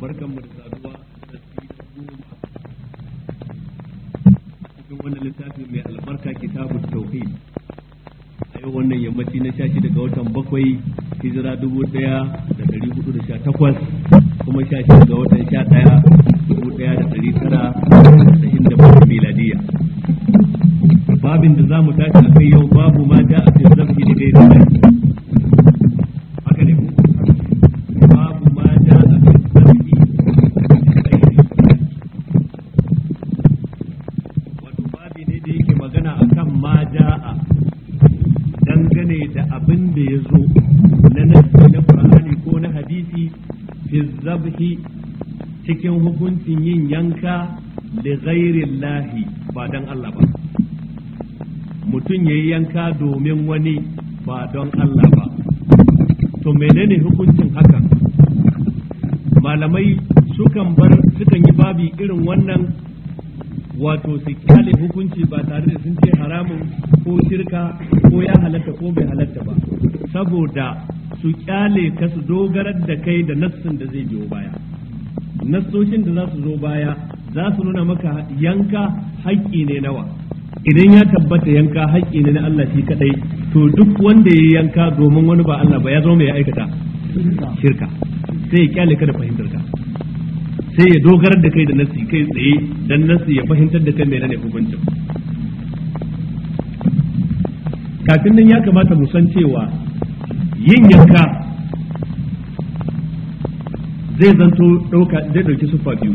barkan mu da saduwa da goma cikin wannan littafi mai albarka kitabu tauhid a yau wannan yammaci na sha daga watan bakwai hijira dubu daya da dari hudu da sha takwas kuma sha shi daga watan sha daya dubu daya da dari tara da inda bakwai miladiya babin da za mu tashi a kai yau babu ma ja a fi zafi da gaira ghairillahi ba dan Allah ba mutum yayi yanka domin wani ba don Allah ba to menene hukuncin haka malamai sukan bar sukan yi babi irin wannan wato su kyale hukunci ba tare da sun ce haramun ko shirka ko ya halatta ko bai halatta ba saboda su kyale ka su dogarar da kai da nassin da zai biyo baya nassoshin da za su zo baya za su nuna maka yanka haƙƙi ne nawa idan ya tabbata yanka haƙƙi ne na Allah shi kadai to duk wanda ya yanka domin wani ba Allah ba ya zo mai aikata shirka sai ya kyale ka da fahimtar ka sai ya dogara da kai da nasi kai tsaye dan nasi ya fahimtar da kai mai ne hukuncin kafin nan ya kamata mu san cewa yin yanka zai zanto ɗauka zai ɗauki siffa biyu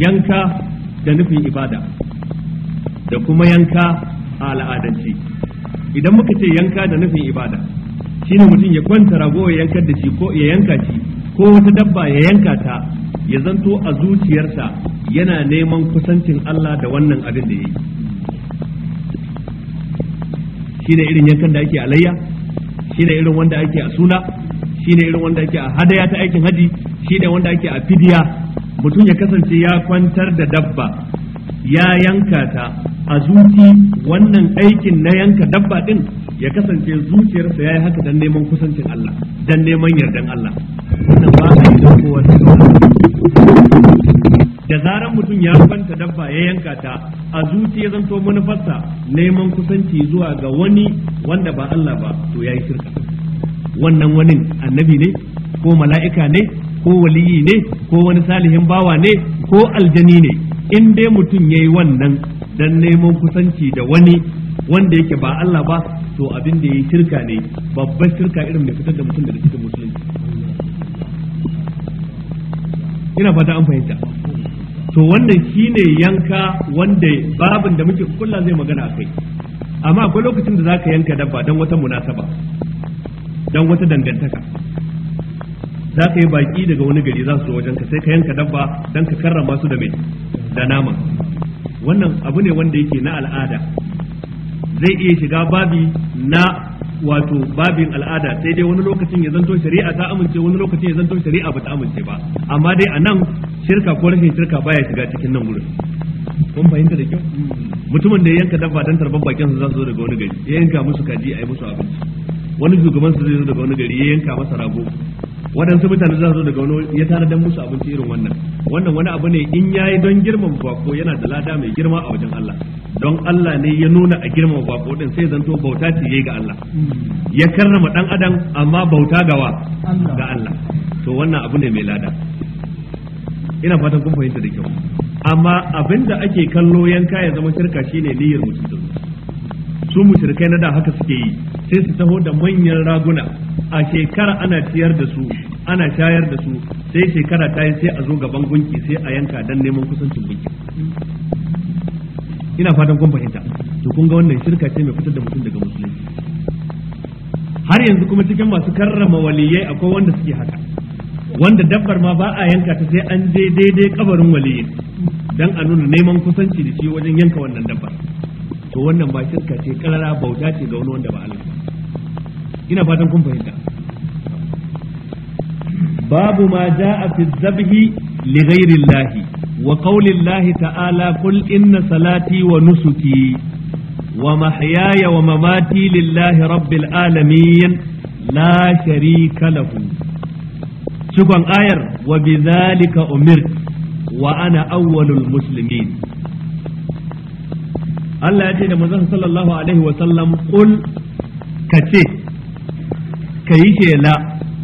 yanka da nufin ibada da kuma yanka a al'adance idan muka ce yanka da nufin ibada shine mutum ya kwanta rago ya yankar da shi ko ya yanka shi ko wata dabba ya yanka ta ya zanto a zuciyarsa yana neman kusancin Allah da wannan abin da ya yi shine irin yankan da ake alayya shine irin wanda ake a suna shine irin wanda ake a hadaya ta aikin haji shine wanda ake a fidiya mutum ya kasance ya kwantar da dabba ya yanka ta a zuci wannan aikin na yanka dabba din ya kasance zuciyarsa ya yi haka don neman kusancin Allah don neman yardan Allah wannan ba a yi kowa da zaran mutum ya kwanta dabba ya yanka ta a zuci ya zanto manufarsa neman kusanci zuwa ga wani wanda ba Allah ba to ya yi shirka wannan wani annabi ne ko mala'ika ne ko waliyi ne ko wani salihin bawa ne ko aljani ne in dai mutum ya yi wannan dan neman kusanci da wani wanda yake ba Allah ba to abin da ya yi shirka ne babbar shirka irin mai fitar da mutum daga cikin musulunci ina fata an fahimta to wannan shine yanka wanda babin da muke kulla zai magana a kai amma akwai lokacin da zaka yanka dabba don wata munasaba don wata dangantaka za ka yi baki daga wani gari za su zo wajen ka sai ka yanka dabba don ka karrama su da mai da nama wannan abu ne wanda yake na al'ada zai iya shiga babi na wato babin al'ada sai dai wani lokacin ya zanto shari'a ta amince wani lokacin ya zanto shari'a ba ta amince ba amma dai a nan shirka ko rashin shirka baya shiga cikin nan gurin kun fahimta da kyau mutumin da ya yanka dabba don tarban bakin su za su zo daga wani gari ya yanka musu kaji a yi musu abinci wani shugaban su zai zo daga wani gari ya yanka masa rago waɗansu mutane za su daga wani ya tare musu abinci irin wannan wannan wani abu ne in ya yi don girman bako yana da lada mai girma a wajen Allah don Allah ne ya nuna a girman bako din sai zanto bauta ce ga Allah hmm. ya karrama dan adam amma bauta gawa ga Allah to wannan abu ne mai lada ina fatan kun fahimta da kyau amma abinda ake kallo yanka ya zama shirka shine niyyar mutum su mushrikai na da haka suke yi sai su taho da manyan raguna a shekara ana ciyar da su ana shayar da su sai shekara ta yi sai a zo gaban gunki sai a yanka dan neman kusancin gunki ina fatan kun fahimta to kun ga wannan shirka ce mai fitar da mutum daga musulunci har yanzu kuma cikin masu karrama waliyai akwai wanda suke haka wanda dabbar ma ba a yanka ta sai an je daidai kabarin waliyai dan a nuna neman kusanci da shi wajen yanka wannan dabbar to wannan ba shirka ce karara bauta ce ga wani wanda ba Allah ina fatan kun fahimta babu ma jaa fi dhabhi li ghairi Allah wa qawli Allah ta'ala qul inna salati wa nusuki wa mahyaya wa mamati lillahi rabbil alamin la sharika lahu cikon ayar wa bi dhalika wa ana awwalul muslimin Allah ya ce da manzon sallallahu alaihi wa sallam ka ce ka yi shela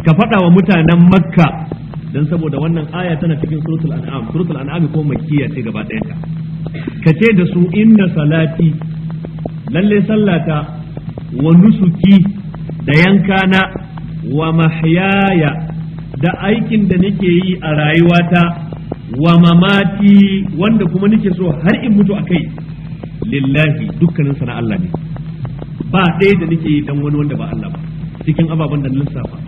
ka faɗa wa mutanen makka don saboda wannan aya tana cikin suratul an'am suratul an'am ko makkiya ce gaba ɗaya ka ce da su inna salati lalle sallata wa nusuki da yankana wa mahyaya da aikin da nake yi a rayuwata wa mamati wanda kuma nake so har in mutu a kai lillahi dukkanin sana Allah ne ba ɗaya da nake dan wani wanda ba Allah ba cikin ababen da safa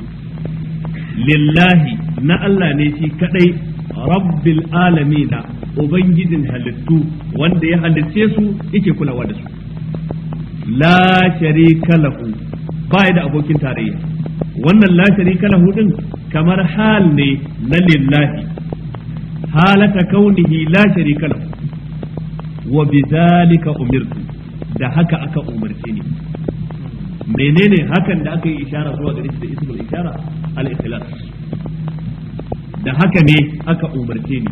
lillahi na Allah ne shi kadai rabbil alamina ubangijin halittu wanda ya halitte su yake kulawa da su la sharika lahu ba da abokin tarayya wannan la sharika lahu din kamar hal ne na lillahi halata kaunihi la sharika lahu wa bidhalika umirtu da haka aka umarce ni menene hakan da aka yi ishara zuwa gare shi da ismul ishara al ikhlas da haka ne aka umarce ni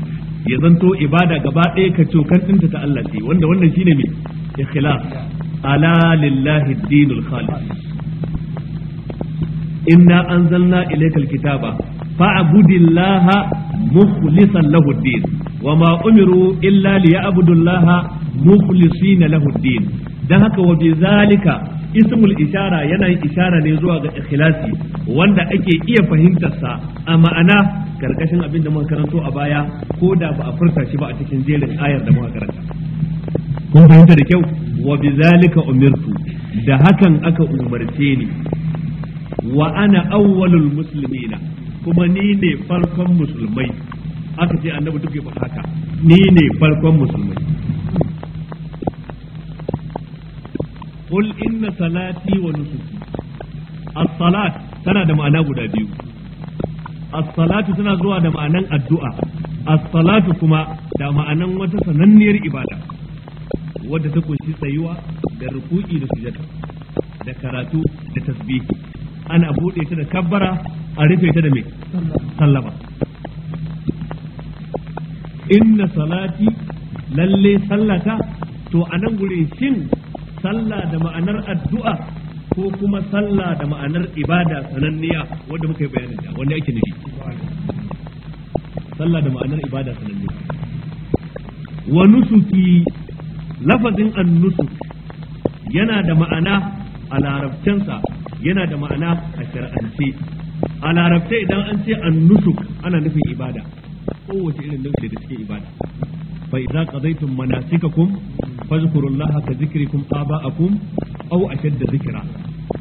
ya zanto ibada gaba ɗaya ka cokan ɗinta ta Allah ce wanda wannan shine me ikhlas ala lillahi dinul khalis inna anzalna ilaykal kitaba فاعبد الله مخلصا له الدين وما أمروا إلا ليعبدوا الله مخلصين له الدين dan haka wa bizalika ismul ishara yana yin ishara ne zuwa ga ikhlasi wanda ake iya fahimtarsa a ma'ana karkashin abin da muka karanto a baya ko da ba a furta shi ba a cikin jerin ayar da muka karanta kun fahimta da kyau wa bizalika umirtu da hakan aka umarce ni wa ana awwalul muslimina kuma ni ne farkon musulmai aka ce annabi duk ya haka ni ne farkon musulmai Kul inna salati wa nusuki as-salat tana da ma'ana guda biyu as-salatu tana zuwa da ma'anan addu'a as-salatu kuma da ma'anan wata sananniyar ibada wadda ta kunshi tsayuwa da ruku'i da sujada da karatu da tasbihi ana buɗe ta da kabbara a rufe ta da mai sallama inna salati lalle sallata to a nan gure shin sallah da ma'anar addu'a ko kuma sallah da ma'anar ibada sananniya wanda muka yi bayanin da wanda ake nufi sallah da ma'anar ibada sananniya wa nusuki lafazin an nusuk yana da ma'ana a larabcinsa yana da ma'ana a shar'ance a larabta idan an ce an nusuk ana nufin ibada kowace irin nufi da cikin ibada fa idza qadaytum manasikakum fadhkurullaha ka dhikrikum aba'akum aw ashadda dhikra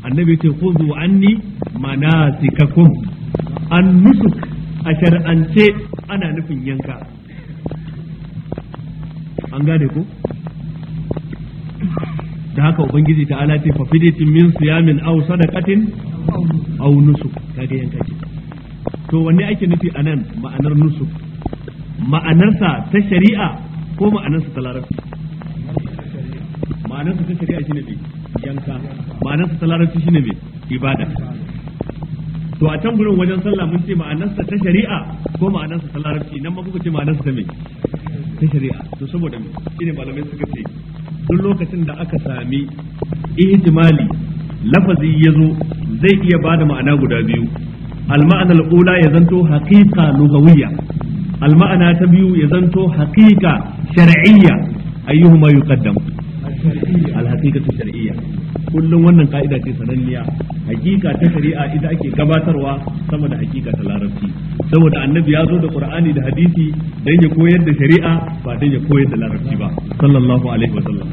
annabi ce khudhu anni manasikakum an nusuk a shar'ance ana nufin yanka an gane ko da haka ubangiji ta ala ce fa fidatin min siyamin aw sadaqatin aw nusuk kaga yanka ce to wanne ake nufi anan ma'anar nusuk ma'anarsa ta shari'a ko ma'anarsa ta larabci ma'anarsa ta shari'a shine me yanka ma'anarsa ta larabci shine bi ibada to a can gurin wajen sallah mun ce ma'anarsa ta shari'a ko ma'anarsa ta larabci nan ma kuka ce ma'anarsa ta me ta shari'a to saboda me shine malamai suka ce duk lokacin da aka sami ihtimali lafazi ya zo zai iya ba da ma'ana guda biyu al-ma'ana al-ula ya zanto haqiqa lughawiyya al-ma'ana ta biyu ya zanto haqiqa shar'iyya ayyuhuma yuqaddam al-haqiqatu shar'iyya kullum wannan ka'ida ce sananniya hakika ta shari'a ita ake gabatarwa sama da hakika ta larabci saboda annabi ya zo da qur'ani da hadisi dan ya koyar da shari'a ba dan ya koyar da larabci ba sallallahu alaihi wa sallam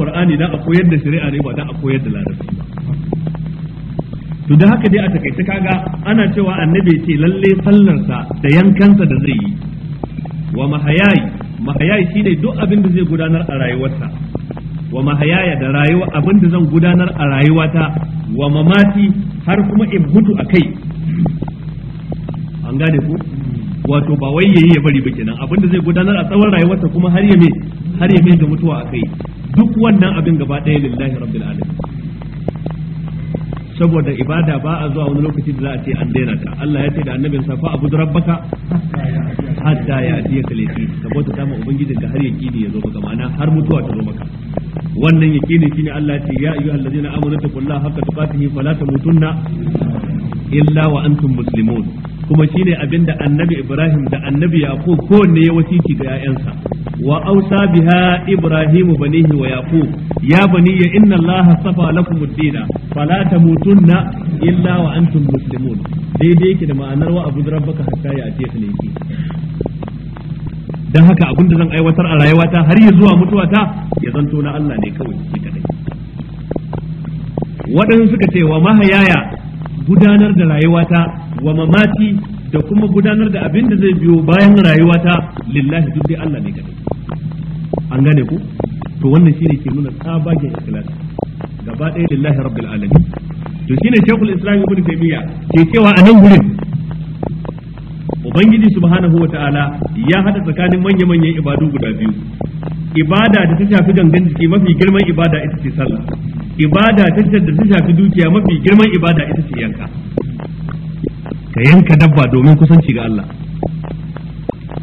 qur'ani da a koyar da shari'a ne ba dan a koyar da larabci ba to da haka dai a takaice kaga ana cewa annabi ce lalle sallarsa da yankansa da zai yi wa mahayayi mahayayi shine duk abin da zai gudanar a rayuwarsa wa mahayaya da rayuwa abinda zan gudanar a rayuwata wa mamati har kuma in mutu a kai an gane ku wato ba wai yayi ya bari ba kenan abinda zai gudanar a tsawon rayuwarsa kuma har ya mai har ya mai ga mutuwa a kai duk wannan abin gaba ɗaya lillahi rabbil alamin saboda ibada ba a zuwa wani lokaci da za a ce an daina ta Allah ya ce da annabin sa fa abudu rabbaka hatta ya atiya kalefi ka bota ta ubangijin ka har yaqini ya zo maka ma'ana har mutuwa ta zo maka wannan yaqini shine Allah ya ce ya ayyuhal ladzina amanu taqullaha haqqa tuqatihi fala tamutunna illa wa antum muslimun kuma shine abinda annabi Ibrahim da annabi Yaqub kowanne ya wasiki ga 'ya'yansa wa ausa biha ibrahimu banihi wa yaqub ya ya inna allaha safa lakum ad-din fala tamutunna illa wa antum daidai yake da ma'anar wa abu rabbaka hatta ya atiyaka laifi dan haka abinda zan aiwatar a rayuwata har ya zuwa mutuwata ya zanto na Allah ne kawai shi kadai waɗansu suka ce wa mahayaya gudanar da rayuwata wa mamati da kuma gudanar da abin da zai biyo bayan rayuwata lillahi duk dai Allah ne kadai an gane ku to wannan shine ke nuna tsabagen ikhlas gaba ɗaya lillahi rabbil alamin to shine shekul islam ibn taymiya ke cewa a nan gurin ubangiji subhanahu wataala ya hada tsakanin manya-manyan ibadu guda biyu ibada da ta shafi gangan jiki mafi girman ibada ita ce sallah ibada ta da ta shafi dukiya mafi girman ibada ita ce yanka ka yanka dabba domin kusanci ga Allah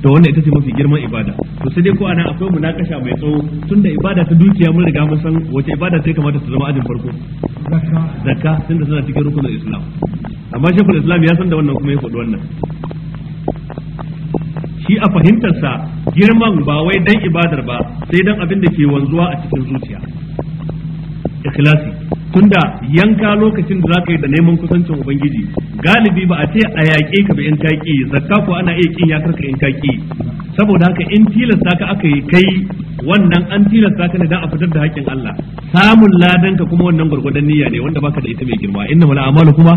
to wannan ita ce mafi girman ibada to sai dai ko anan akwai munakasha mai tsawo tunda ibada ta dukiya mun riga mun san wace ibada ta kamata ta zama ajin farko zakka tunda suna cikin rukunin islam amma shekul islam ya san da wannan kuma ya faɗi wannan shi a fahimtar sa girman ba wai dan ibadar ba sai dan abin da ke wanzuwa a cikin zuciya ikhlasi tunda yanka lokacin da zaka yi da neman kusancin ubangiji galibi ba a ce a yaƙe ka ba in kaƙi zakka ko ana iya kin ya karka in kaƙi saboda haka in tilasta ka aka yi kai wannan an tilasta ka ne dan a fitar da haƙƙin Allah samun ladan ka kuma wannan gurgurdan niyya ne wanda baka da ita mai girma inna mal amalu kuma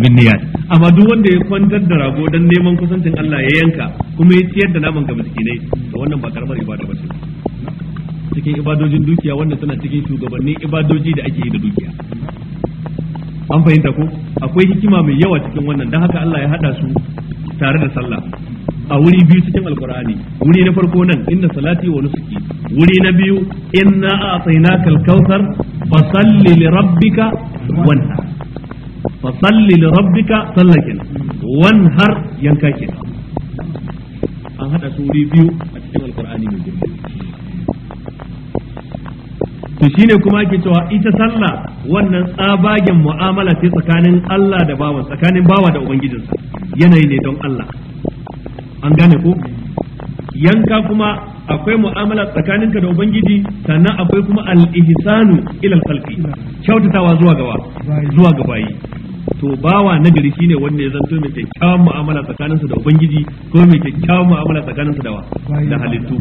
bin niyyat amma duk wanda ya kwantar da rago dan neman kusancin Allah ya yanka kuma ya ciyar da naman ga miskinai to wannan ba karamar ibada ba ce cikin ibadojin dukiya wanda tana cikin shugabannin ibadoji da ake yi da dukiya an fahimta ko akwai hikima mai yawa cikin wannan don haka Allah ya hada su tare da sallah a wuri biyu cikin alkur'ani wuri na farko nan inda salati wa nusuki wuri na biyu inna a'tainakal kautsar fasalli li rabbika wanha fasalli li rabbika sallakin wanhar yanka kenan an hada su wuri biyu a cikin alkur'ani mai girma to shine kuma ake cewa ita sallah wannan tsabagen mu'amala ce tsakanin Allah da bawa tsakanin bawa da ubangijinsa yanayi ne don Allah an gane ko yanka kuma akwai mu'amala tsakaninka da ubangiji sannan akwai kuma al-ihsanu ila al-khalqi kyautatawa zuwa gawa zuwa ga bayi to bawa nagari shine wanda ya zanto mai kyakkyawan mu'amala tsakaninsa da ubangiji ko mai kyakkyawan mu'amala tsakaninsa da wa da halittu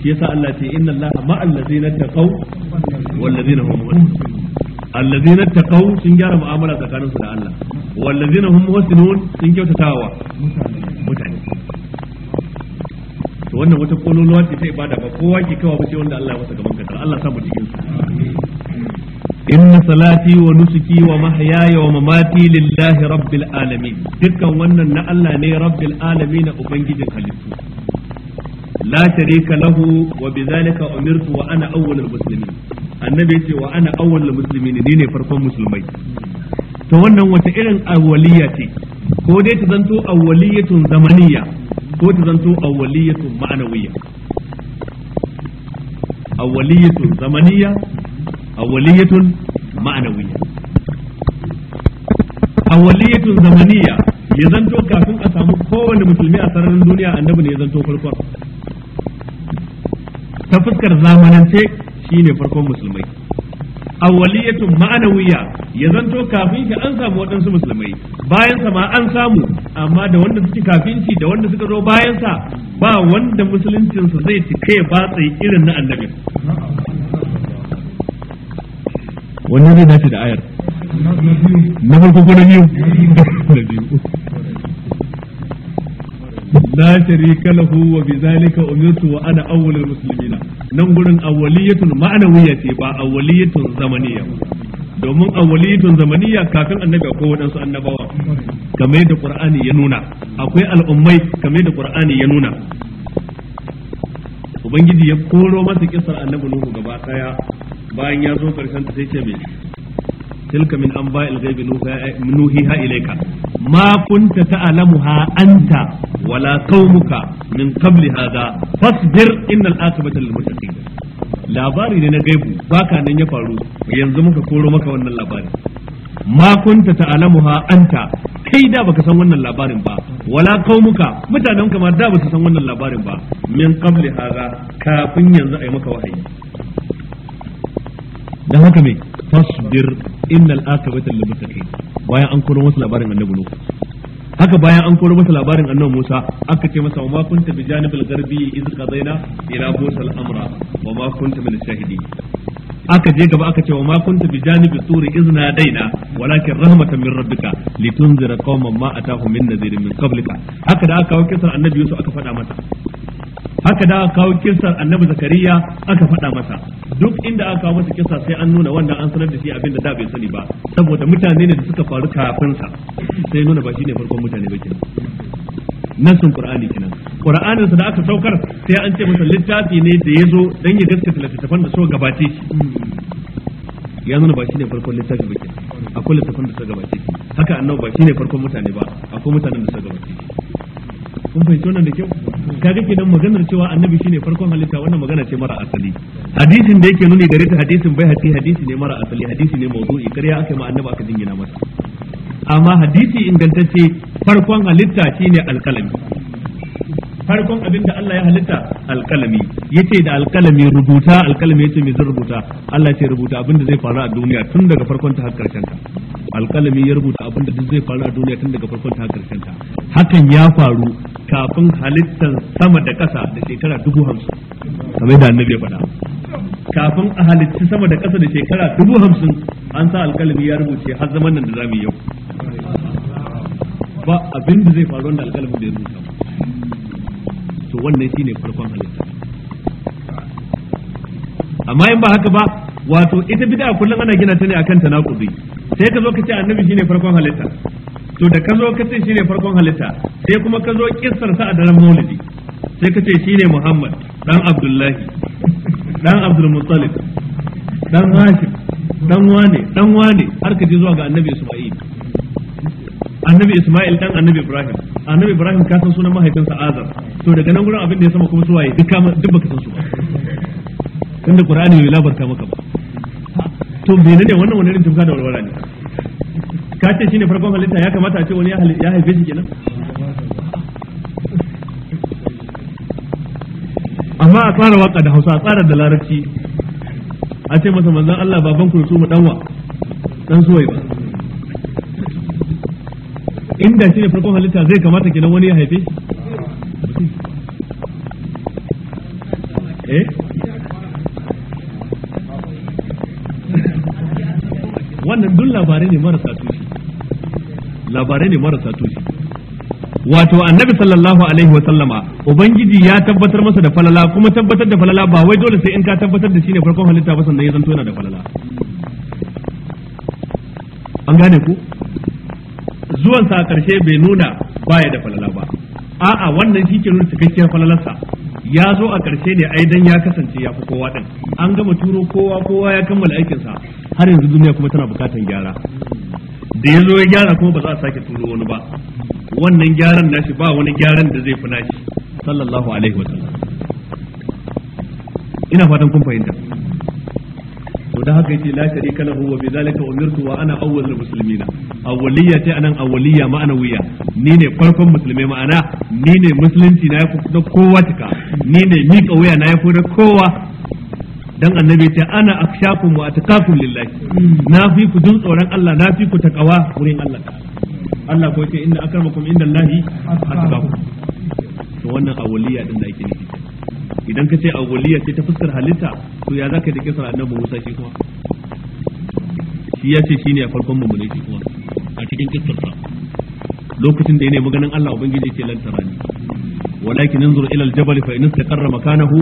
shi yasa Allah ce inna Allaha ma'al ladzina taqaw wal ladina hum muhsinun allazina taqaw sun gyara mu'amala tsakaninsu da Allah ladina hum muhsinun sun kyautatawa mutane to wannan wata kololuwa ce ta ibada ba kowa ke kawo ba ce wanda Allah ya masa gaban ka Allah sa mu cikin su inna salati wa nusuki wa mahyaya wa mamati lillahi rabbil duka wannan na Allah ne rabbil alamin na ubangijin halittu la kalahu lahu wa bidhalika umirtu wa ana awwalul muslimin annabi yace wa ana awwalul muslimin ni ne farkon musulmai Ta wannan wata irin awwaliyya ce ko ta ko ta zamaniyya awwaliyatun ma'anawiyya awwaliyatun zamaniyya ya zanto kafin a samu kowane musulmi a sararin duniya annabi ne ya zanto farkon ta fuskar zamanance shine farkon musulmai awaliyatun ma'anawiyya ya zanto kafin ki an samu waɗansu musulmai bayan sa ma an samu amma da wanda suke kafin shi da wanda suka zo bayan sa ba wanda musuluncinsa zai cike ba tsayi irin na annabi wannan zai dace da ayar na farko ko na biyu na biyu la sharika lahu wa bizalika umirtu wa ana awwalul muslimina nan gurin awwaliyatun ma'anawiyya ce ba awwaliyatun zamaniyya domin awwaliyatun zamaniyya kafin annabi akwai wadansu annabawa kamar yadda qur'ani ya nuna akwai al'ummai kamar yadda qur'ani ya nuna ubangiji ya koro masa kisar annabi nuhu gaba daya bayan ya zo karshen ta sai ce me tilka min anba'il ghaibi nuhiha ilayka ma kunta ta'lamuha anta wala qaumuka min qabli hadha fasbir innal aqibata lil muttaqin labari ne na gaibu baka nan ya faru yanzu muka koro maka wannan labari ma kunta ta'lamuha anta kai da baka san wannan labarin ba wala qaumuka mutanen ka ma da ba su san wannan labarin ba min qabli hadha kafin yanzu ai maka wahayi dan haka me fasbir innal akibata lil muttaqin bayan an koro masa labarin annabi nuhu haka bayan an koro masa labarin annabi Musa aka ce masa wa ma kunta bi janibil garbi iz qadaina ila Musa al-amra wa ma kunta min shahidi aka je gaba aka ce wa ma kunta bi janibi turi iz nadaina walakin rahmatan min rabbika litunzira qauman ma atahum min nadhirin min qablika haka da aka kawo kisan annabi Yusuf aka faɗa mata. haka da aka kawo kisar annabi zakariya aka faɗa masa duk inda aka kawo masa kisa sai an nuna wannan an sanar da shi abin da da bai sani ba saboda mutane ne da suka faru kafin sa sai nuna ba shine farkon mutane ba kenan nassin qur'ani kenan qur'anin sa da aka saukar sai an ce masa littafi ne da ya zo dan ya gaskata littafin da so gabace shi ya nuna ba shine farkon littafi ba kenan akwai littafin da so gabace haka annabi ba shine farkon mutane ba akwai mutanen da so gabace shi kun fahimci wannan da kyau kaga kenan maganar cewa annabi shine farkon halitta wannan magana ce mara asali hadisin da yake nuni gare ta hadisin bai haƙi hadisi ne mara asali hadisi ne mawdu'i kariya aka ma annabi aka dingina masa amma hadisi ingantacce farkon halitta shine alkalami farkon abin da Allah ya halitta alkalami yace da alkalami rubuta alkalami yace me rubuta Allah ce rubuta abin da zai faru a duniya tun daga farkon ta har karshen ta alkalami ya rubuta abin da duk zai faru a duniya tun daga farkon ta har karshen ta hakan ya faru kafin halittar sama da ƙasa da shekara dubu hamsin kamar da annabi ya faɗa kafin a halitta sama da ƙasa da shekara dubu hamsin an sa alƙalami ya rubuce har zaman nan da za mu yi yau ba abin da zai faru wanda alƙalami da ya rubuta to wannan shine farkon halitta amma in ba haka ba wato ita bid'a kullum ana gina ta ne akan tanakuzi sai ka zo ka ce annabi shine farkon halitta to da ka zo ka ce shine farkon halitta sai kuma ka zo kissar sa a daren maulidi sai ka ce shine muhammad dan abdullahi dan abdul muttalib dan hashim dan wane dan wane har ka je zuwa ga annabi isma'il annabi isma'il dan annabi ibrahim annabi ibrahim ka san sunan mahaifinsa azar to daga nan gurin abin da ya sama kuma suwaye duk duk baka san su ba tunda qur'ani bai labarta maka ba to ne wannan wani irin tufka da walwala ne ka ce shine farkon halitta ya kamata a ce wani ya haife shi kenan amma a tsara waka da Hausa a tsara da Larabci a ce masa manzon Allah baban ku su mu danwa dan suwai ba inda shine farkon halitta zai kamata kenan wani ya haife eh wannan duk labarai ne marasa tushe labarai ne marasa tushe wato annabi sallallahu alaihi wa sallama ubangiji ya tabbatar masa da falala kuma tabbatar da falala ba wai dole sai in ka tabbatar da shi ne farkon halitta ba sannan ya zanto yana da falala an gane ku zuwan sa karshe bai nuna baya da falala ba a'a wannan shi ke nuna cikakken falalarsa ya zo a ƙarshe ne ai dan ya kasance ya fi kowa din an gama turo kowa kowa ya kammala aikinsa har yanzu duniya kuma tana bukatan gyara da ya zo ya gyara kuma ba za a sake turo wani ba wannan gyaran nashi ba wani gyaran da zai fi nashi sallallahu alaihi wasallam ina fatan kun fahimta to dan haka yace la sharika lahu wa bidhalika umirtu wa ana awwalul muslimina awwaliyya ta anan ma'ana ma'anawiya ni ne farkon musulmi ma'ana ni ne musulunci na yafi na kowa tuka ni ne mika wuya na yafi na kowa dan annabi ta ana akshakum wa atqakum lillahi na fi ku jin tsoron Allah na fi ku takawa wurin Allah Allah ko yace inna akramakum indallahi atqakum to wannan awwaliyya din da yake nufi idan ka ce awwaliyya ce ta fuskar halitta to ya zaka da kisar annabi Musa shi kuma shi ya ce shi ne a farkon mummune shi kuma a cikin kisarsa lokacin da ya nemi ganin Allah ubangiji ce lan tarani walakin anzur ila al-jabal fa in istaqarra makanahu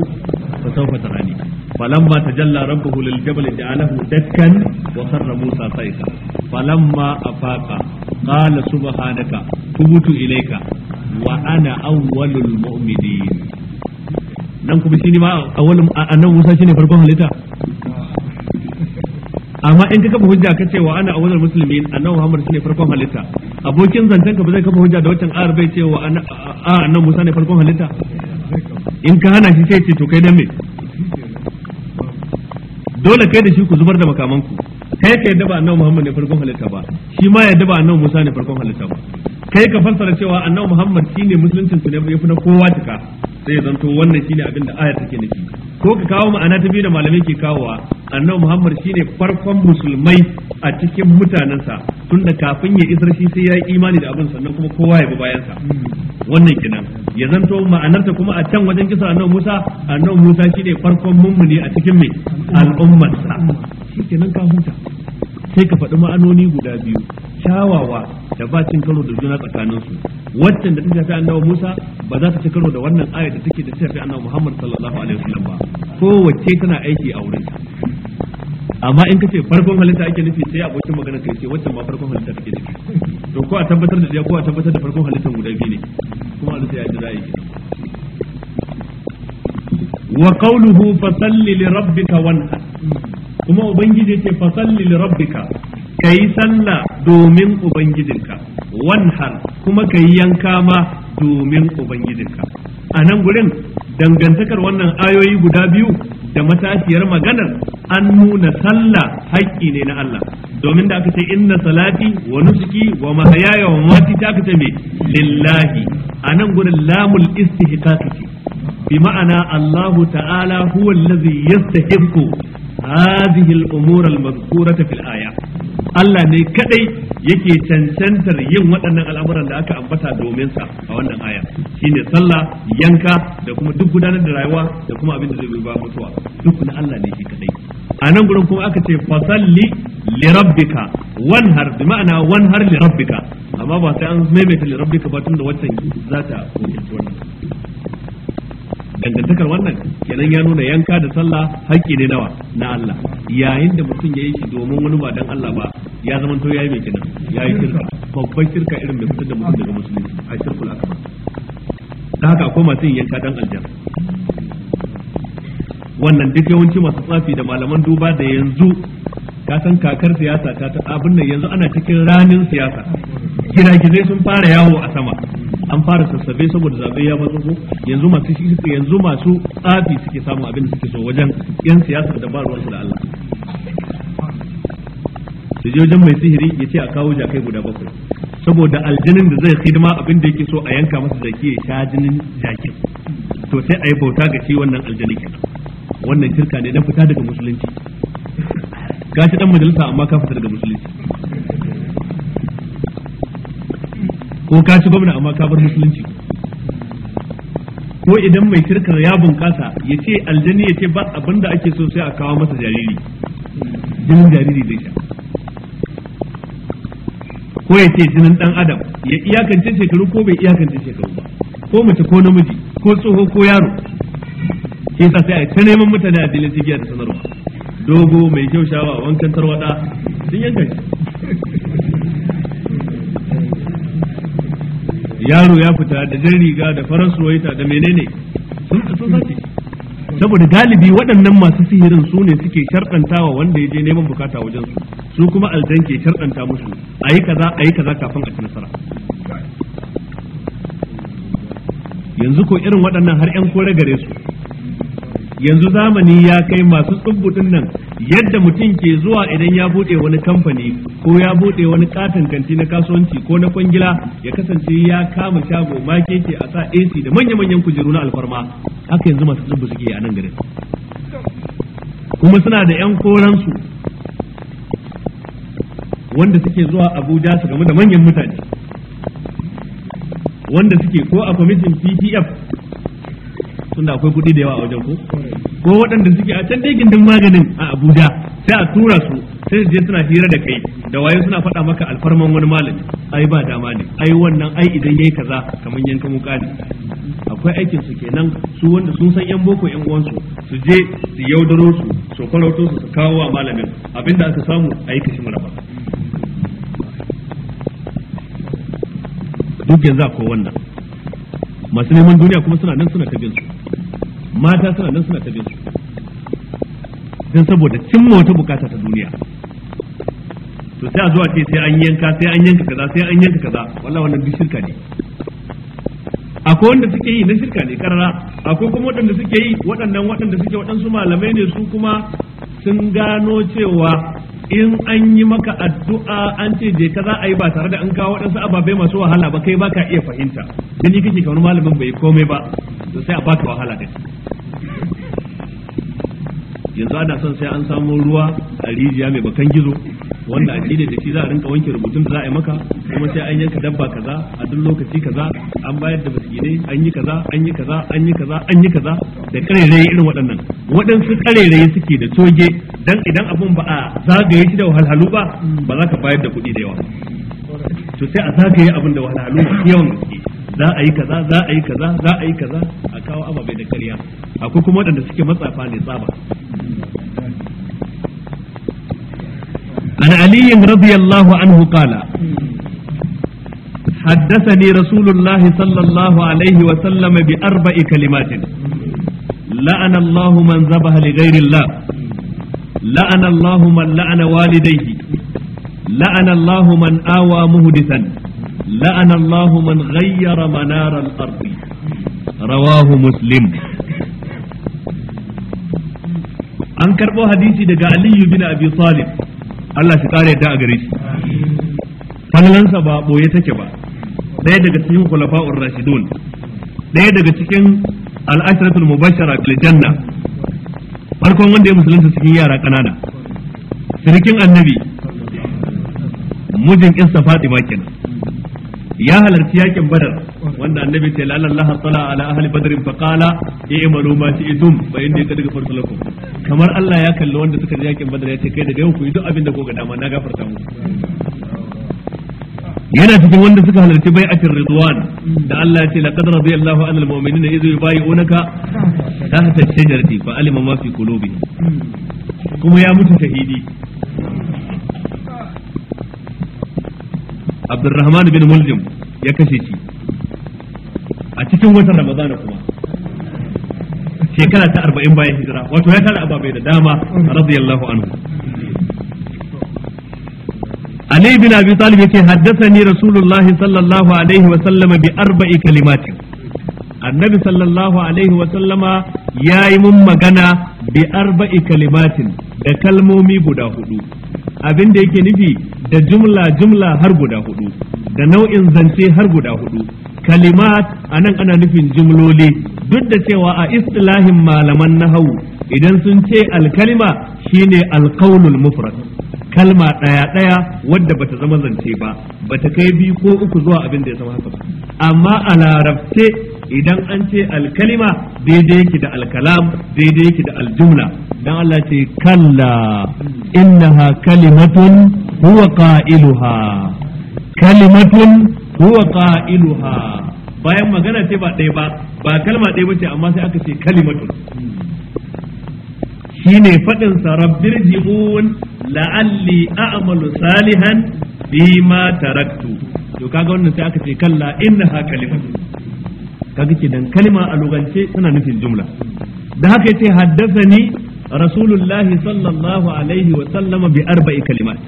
fa sawfa tarani فلما تجلى ربه للجبل جعله دكا وخر موسى صيحا فلما أفاق قال سبحانك تبت إليك وأنا أول المؤمنين dan kuma shi ne ma awwal annabi Musa shi ne farkon halitta amma in ka kafa hujja ka ce wa ana awwalul muslimin annabi Muhammad ne farkon halitta abokin zancen ka ba zai kafa hujja da wancan ayar bai ce wa ana annabi Musa ne farkon halitta in ka hana shi sai ce to kai dan me dole kai da shi ku zubar da makamanku kai ka yadda ba annabi Muhammad ne farkon halitta ba shi ma yadda ba annabi Musa ne farkon halitta ba kai ka fassara cewa annabi Muhammad shine musuluncin su ne fi na kowa tuka sai zanto wannan shine abin da aya take nufi ko ka kawo ma'ana ta biyu da malamai ke kawowa annabi Muhammad shine farkon musulmai a cikin mutanensa tunda kafin ya isar shi sai ya yi imani da abin sannan kuma kowa ya bi bayansa wannan kenan ya zanto ma'anarta kuma a can wajen kisa annabi Musa annabi Musa shine farkon mummuni a cikin mai al'ummarsa shi kenan ka huta sai ka faɗi ma'anoni guda biyu kyawawa da ba cin karo da juna tsakanin su da take ta annabi Musa ba za ta ci karo da wannan ayar da take da ta annabi Muhammad sallallahu alaihi wasallam ba ko wacce tana aiki a wurin amma in kace farkon halitta ake nufi sai abokin magana kai ce waccan ba farkon halitta take nufi to ko a tabbatar da ko a tabbatar da farkon halittar guda biyu ne kuma Allah sai ya ji ra'ayi wa qawluhu fasalli li rabbika wanhar kuma ubangiji yake fasalli li rabbika kayi sallah domin ubangijinka wanhar kuma kayi yanka ma domin ubangijinka a nan gurin dangantakar wannan ayoyi guda biyu da matashiyar maganar an nuna sallah haƙƙi ne na Allah domin da aka ce inna salati wa nusuki wa mahayaya wa mati ta aka ce me lillahi a nan gurin lamul istihqaqi bi ma'ana Allahu ta'ala huwa allazi yastahiqu هذه الامور المذكوره في الايه الله Allah ne kadai yake cancantar yin waɗannan al'amuran da aka ambata domin sa a wannan aya shine sallah yanka da kuma duk gudanar da rayuwa da kuma abin da zai ba mutuwa duk na Allah ne shi kadai a nan gurin kuma aka ce fasalli li rabbika wanhar bi ma'ana wanhar li rabbika amma ba sai an maimaita li rabbika ba tunda wannan za ta koyi wannan dangantakar wannan kenan ya nuna yanka da sallah haƙƙi ne nawa na Allah yayin da mutum ya yi shi domin wani ba dan Allah ba ya zama to yayi mai kenan yayi shirka babban shirka irin da fitar da mutum daga musulunci a shirkul akbar da haka akwai masu yin yanka dan aljan wannan duk yawanci masu tsafi da malaman duba da yanzu ka san kakar siyasa ta ta abin nan yanzu ana cikin ranin siyasa gizai sun fara yawo a sama an fara sassabe saboda zabe ya matsa yanzu masu shi yanzu masu tsafi suke samun abin da suke so wajen yan siyasa da ba ruwansu da Allah su je wajen mai sihiri ya ce a kawo jakai guda bakwai saboda aljinin da zai hidima abin da yake so a yanka masa zaki ya sha jinin jakin to sai a yi bauta ga shi wannan aljinin wannan shirka ne na fita daga musulunci ka ci dan majalisa amma ka fita daga musulunci ko ka ci gwamna amma ka bar musulunci ko idan mai shirkar ya bunƙasa ya ce aljani ya ce ba abin da ake so sai a kawo masa jariri jinin jariri zai sha ko ya ce jinin dan adam ya iyakance shekaru ko bai iyakance shekaru ba ko mace ko namiji ko tsoho ko yaro Ke sa sai a ta neman mutane a dalilin cigiya da sanarwa dogo mai kyau shawa wankan tarwada sun yanka yaro ya fita da jan riga da farar suwaita da menene sun sace saboda galibi waɗannan masu sihirin su ne suke sharɗantawa wanda ya je neman bukata wajen su su kuma aljan ke sharɗanta musu a yi kaza a yi kaza kafin a ci nasara yanzu ko irin waɗannan har 'yan kore gare su yanzu zamani ya kai masu tsubbutun nan yadda mutum ke zuwa idan ya bude wani kamfani ko ya bude wani katon kanti na kasuwanci ko na kwangila ya kasance ya kama shago ma keke a sa AC da manya-manyan kujeru na alfarma haka yanzu masu tsubbu suke a nan garin kuma suna da yan koransu wanda suke zuwa Abuja su game da manyan mutane wanda suke ko a kwamitin PTF tunda akwai kuɗi da yawa a wajen ku ko waɗanda suke a can dai gindin maganin a Abuja sai a tura su sai su je suna hira da kai da waye suna faɗa maka alfarman wani malami ai ba dama ne ai wannan ai idan yayi kaza kamar yanka muka ne akwai aikin su kenan su wanda sun san yan boko yan uwansu su je su yaudaro su su farauto su su kawo wa malamin abinda aka samu ai kashi maraba duk yanzu akwai wannan masu neman duniya kuma suna nan suna ta su mata suna nan suna ta bin su don saboda cimma wata bukata ta duniya to sai a zuwa ce sai an yanka sai an yanka kaza sai an yanka kaza wallahi wannan duk shirka ne akwai wanda suke yi na shirka ne karara akwai kuma waɗanda suke yi waɗannan waɗanda suke waɗansu malamai ne su kuma sun gano cewa in an yi maka addu'a an ce je ka za a yi ba tare da an kawo waɗansu ababai masu wahala ba kai ba ka iya fahimta dan ni kake kamar malamin bai komai ba to sai a baka wahala din yanzu ana son sai an samu ruwa a rijiya mai bakan gizo wanda a da shi za a rinka wanke rubutun da za a yi maka kuma sai an yanka dabba kaza a duk lokaci kaza an bayar da miskinai an yi kaza an yi kaza an yi kaza an yi kaza da karerai irin waɗannan waɗansu karerai suke da toge dan idan abun ba a zagaye shi da wahalhalu ba ba za ka bayar da kuɗi da yawa to sai a zagaye abin da wahalhalu yawan gaske za a yi kaza za a yi kaza za a yi kaza a kawo ababe da karya akwai kuma waɗanda suke matsafa ne tsaba an aliyu radiyallahu anhu qala haddathani rasulullah sallallahu alaihi wa sallam bi arba'i kalimat لعن الله من ذبح لغير الله لعن الله من لعن والديه لعن الله من آوى مهدثا لعن الله من غير منار الأرض رواه مسلم an karɓo hadisi daga aliyu bin abi Salim. Allah shi kare da a gare shi ba ɓoye take ba ɗaya daga cikin khulafa'ur rashidun ɗaya daga cikin al'asharatul mubashara fil janna farkon wanda ya musulunta cikin yara ƙanana sirikin annabi mijin insa Fatima kenan ya halarci yakin badar wanda annabi ce lalla Allah sala ala ahli badrin fa qala i'malu ma shi'tum fa inni qad ghafartu lakum kamar Allah ya kalli wanda suka je yakin badar ya ce kai daga yau ku yi duk abin da ko dama na gafarta muku yana cikin wanda suka halarci bai'atul ridwan da Allah ya ce laqad radiyallahu anil mu'minina idh yubayi'unaka tahta ash-shajarati fa alima ma fi qulubihim kuma ya mutu shahidi abdurrahman bin muljim ya kashe shi a cikin watan ramadana kuma shekara ta arba'in bayan hijira wato ya tara ababai da dama radiyallahu anhu Ali bin Abi Talib yace haddathani Rasulullahi sallallahu alaihi wa sallama bi arba'i kalimatin Annabi sallallahu alaihi wa sallama yayi mun magana bi arba'i kalimatin da kalmomi guda hudu abin da yake nufi da jumla jumla har guda hudu da nau'in zance har guda hudu kalimat a nan ana nufin jumloli duk da cewa a istilahin malaman nahawu idan sun ce alkalima shine alkaunul mufrad kalma ɗaya ɗaya wadda bata zama zance ba bata kai biyu ko uku zuwa abin da ya zama haka amma a larabce idan an ce alkalima daidai yake da alkalam daidai yake da aljumla dan Allah ce kalla innaha kalimatun huwa qailuha kalimatun huwa qailuha bayan magana ce ba ɗaya ba ba kalma ɗaya bace amma sai aka ce kalimatun shine faɗin sa rabbir ji'un la'alli a'malu salihan bima taraktu to kaga wannan sai aka ce kalla innaha kalimatun kaga ke dan kalma a lugance suna nufin jumla da haka yace haddathani rasulullahi sallallahu alaihi wa sallama bi arba'i kalimat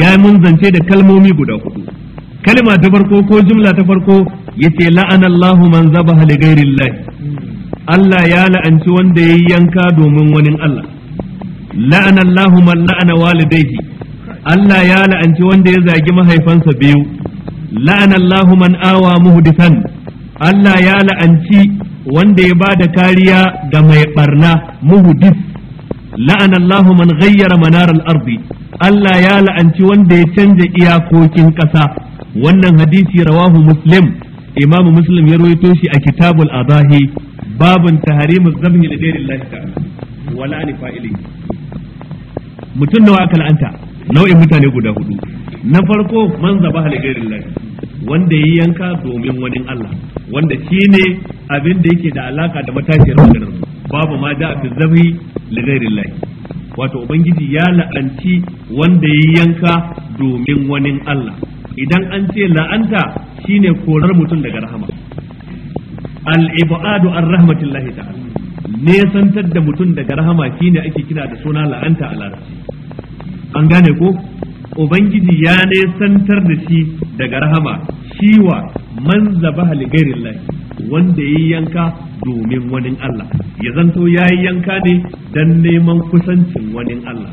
ya mun zance da kalmomi guda hudu kalma ta farko ko jumla ta farko yace la'ana Allahu man zabaha li ghairi Allah ya la'anci wanda yayi yanka domin wani Allah la'ana Allahu man la'ana walidayhi Allah ya la'anci wanda ya zagi mahaifansa biyu la'ana Allahu man awa muhdisan Allah ya la'anci wanda ya ba da kariya ga mai barna muhdis la'anallahu man gayyara manar al-ardi Allah ya la'anci wanda ya canza iyakokin ƙasa wannan hadisi rawahu muslim imamu muslim ya rawaito shi a kitabul azahi babun tahrimu zabni li ghairi Allah ta'ala wala ni fa'ilin. mutum nawa aka la'anta nau'in mutane guda hudu na farko man zaba li ghairi Allah wanda ya yanka domin wani Allah wanda shi ne abin da yake da alaka da matashiyar maganar babu ma da fi zabi li ghairillahi wato ubangiji ya la'anci wanda ya yanka domin wani Allah idan an ce la'anta shine korar mutum daga rahama al-ibadu an rahmatillahi ta'ala nesantar da mutum daga rahama shine ake kira da suna la'anta a larabci an gane ko ubangiji ya nesantar da shi daga rahama ciwa man zabaha li ghairillah wanda yayi yanka domin wani Allah ya zanto yayi yanka ne dan neman kusancin wani Allah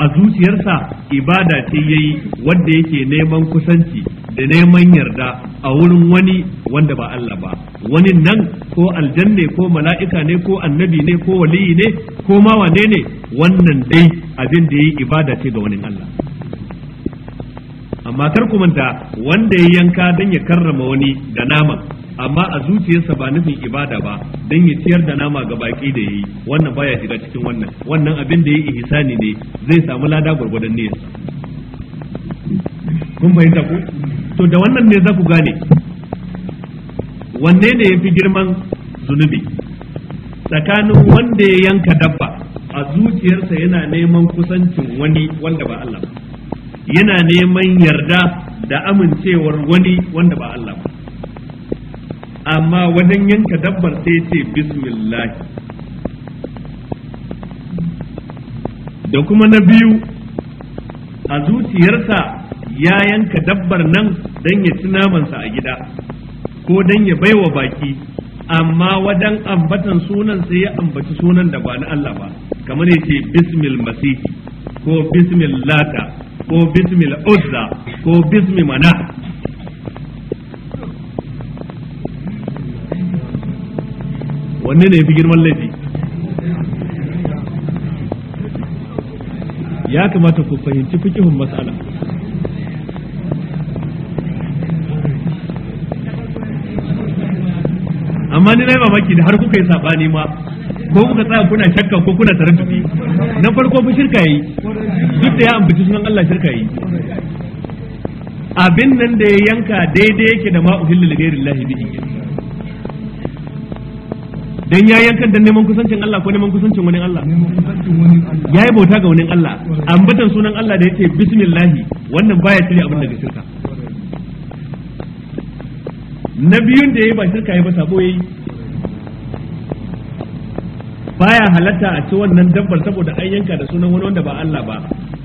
a zuciyarsa ibada ce yayi wanda yake neman kusanci da neman yarda a wurin wani wanda ba Allah ba wani nan ko aljanne ko mala'ika ne ko annabi ne ko waliyi ne ko ma wane ne wannan dai abin da yayi ibada ce ga wani Allah amma kar ku manta wanda ya yanka dan ya karrama wani da nama amma a zuciyarsa ba nufin ibada ba dan ya ciyar da nama ga baki da yayi wannan baya shiga cikin wannan wannan abin da yi ihsani ne zai samu lada gurgurdan ne kun fahimta ku to da wannan ne za ku gane wanne ne yafi girman zunubi tsakanin wanda ya yanka dabba a zuciyarsa yana neman kusancin wani wanda ba Allah ba yana neman yarda da amincewar wani wanda ba Allah ba amma wajen yanka dabbar sai ce bismillah da kuma na biyu a zuciyarsa ya yanka dabbar nan don ya ci namansa a gida ko don ya baiwa baki amma wajen ambatan sunan sai ya ambaci sunan da ba na Allah ba kamar ya ce bismillah ko bismillah ko bismi uzza ko bismi mana wanne ne fi girman laifi ya kamata ku fahimci fikihun mas'ala amma ni na yi mamaki da har kuka yi sabani ma ko kuka tsaya kuna shakka ko kuna taraddufi na farko fa shirka yi duk da ya ambaci sunan Allah shirka yi abin nan da ya yanka daidai yake da ma uhillu li ghairillahi bihi dan ya yanka dan neman kusancin Allah ko neman kusancin wani Allah ya yi bauta ga wani Allah ambatan sunan Allah da yake bismillah wannan baya cire abin daga shirka na biyun da ya yi ba shirka ya ba sabo yayi baya halatta a ci wannan dabbar saboda an yanka da sunan wani wanda ba Allah ba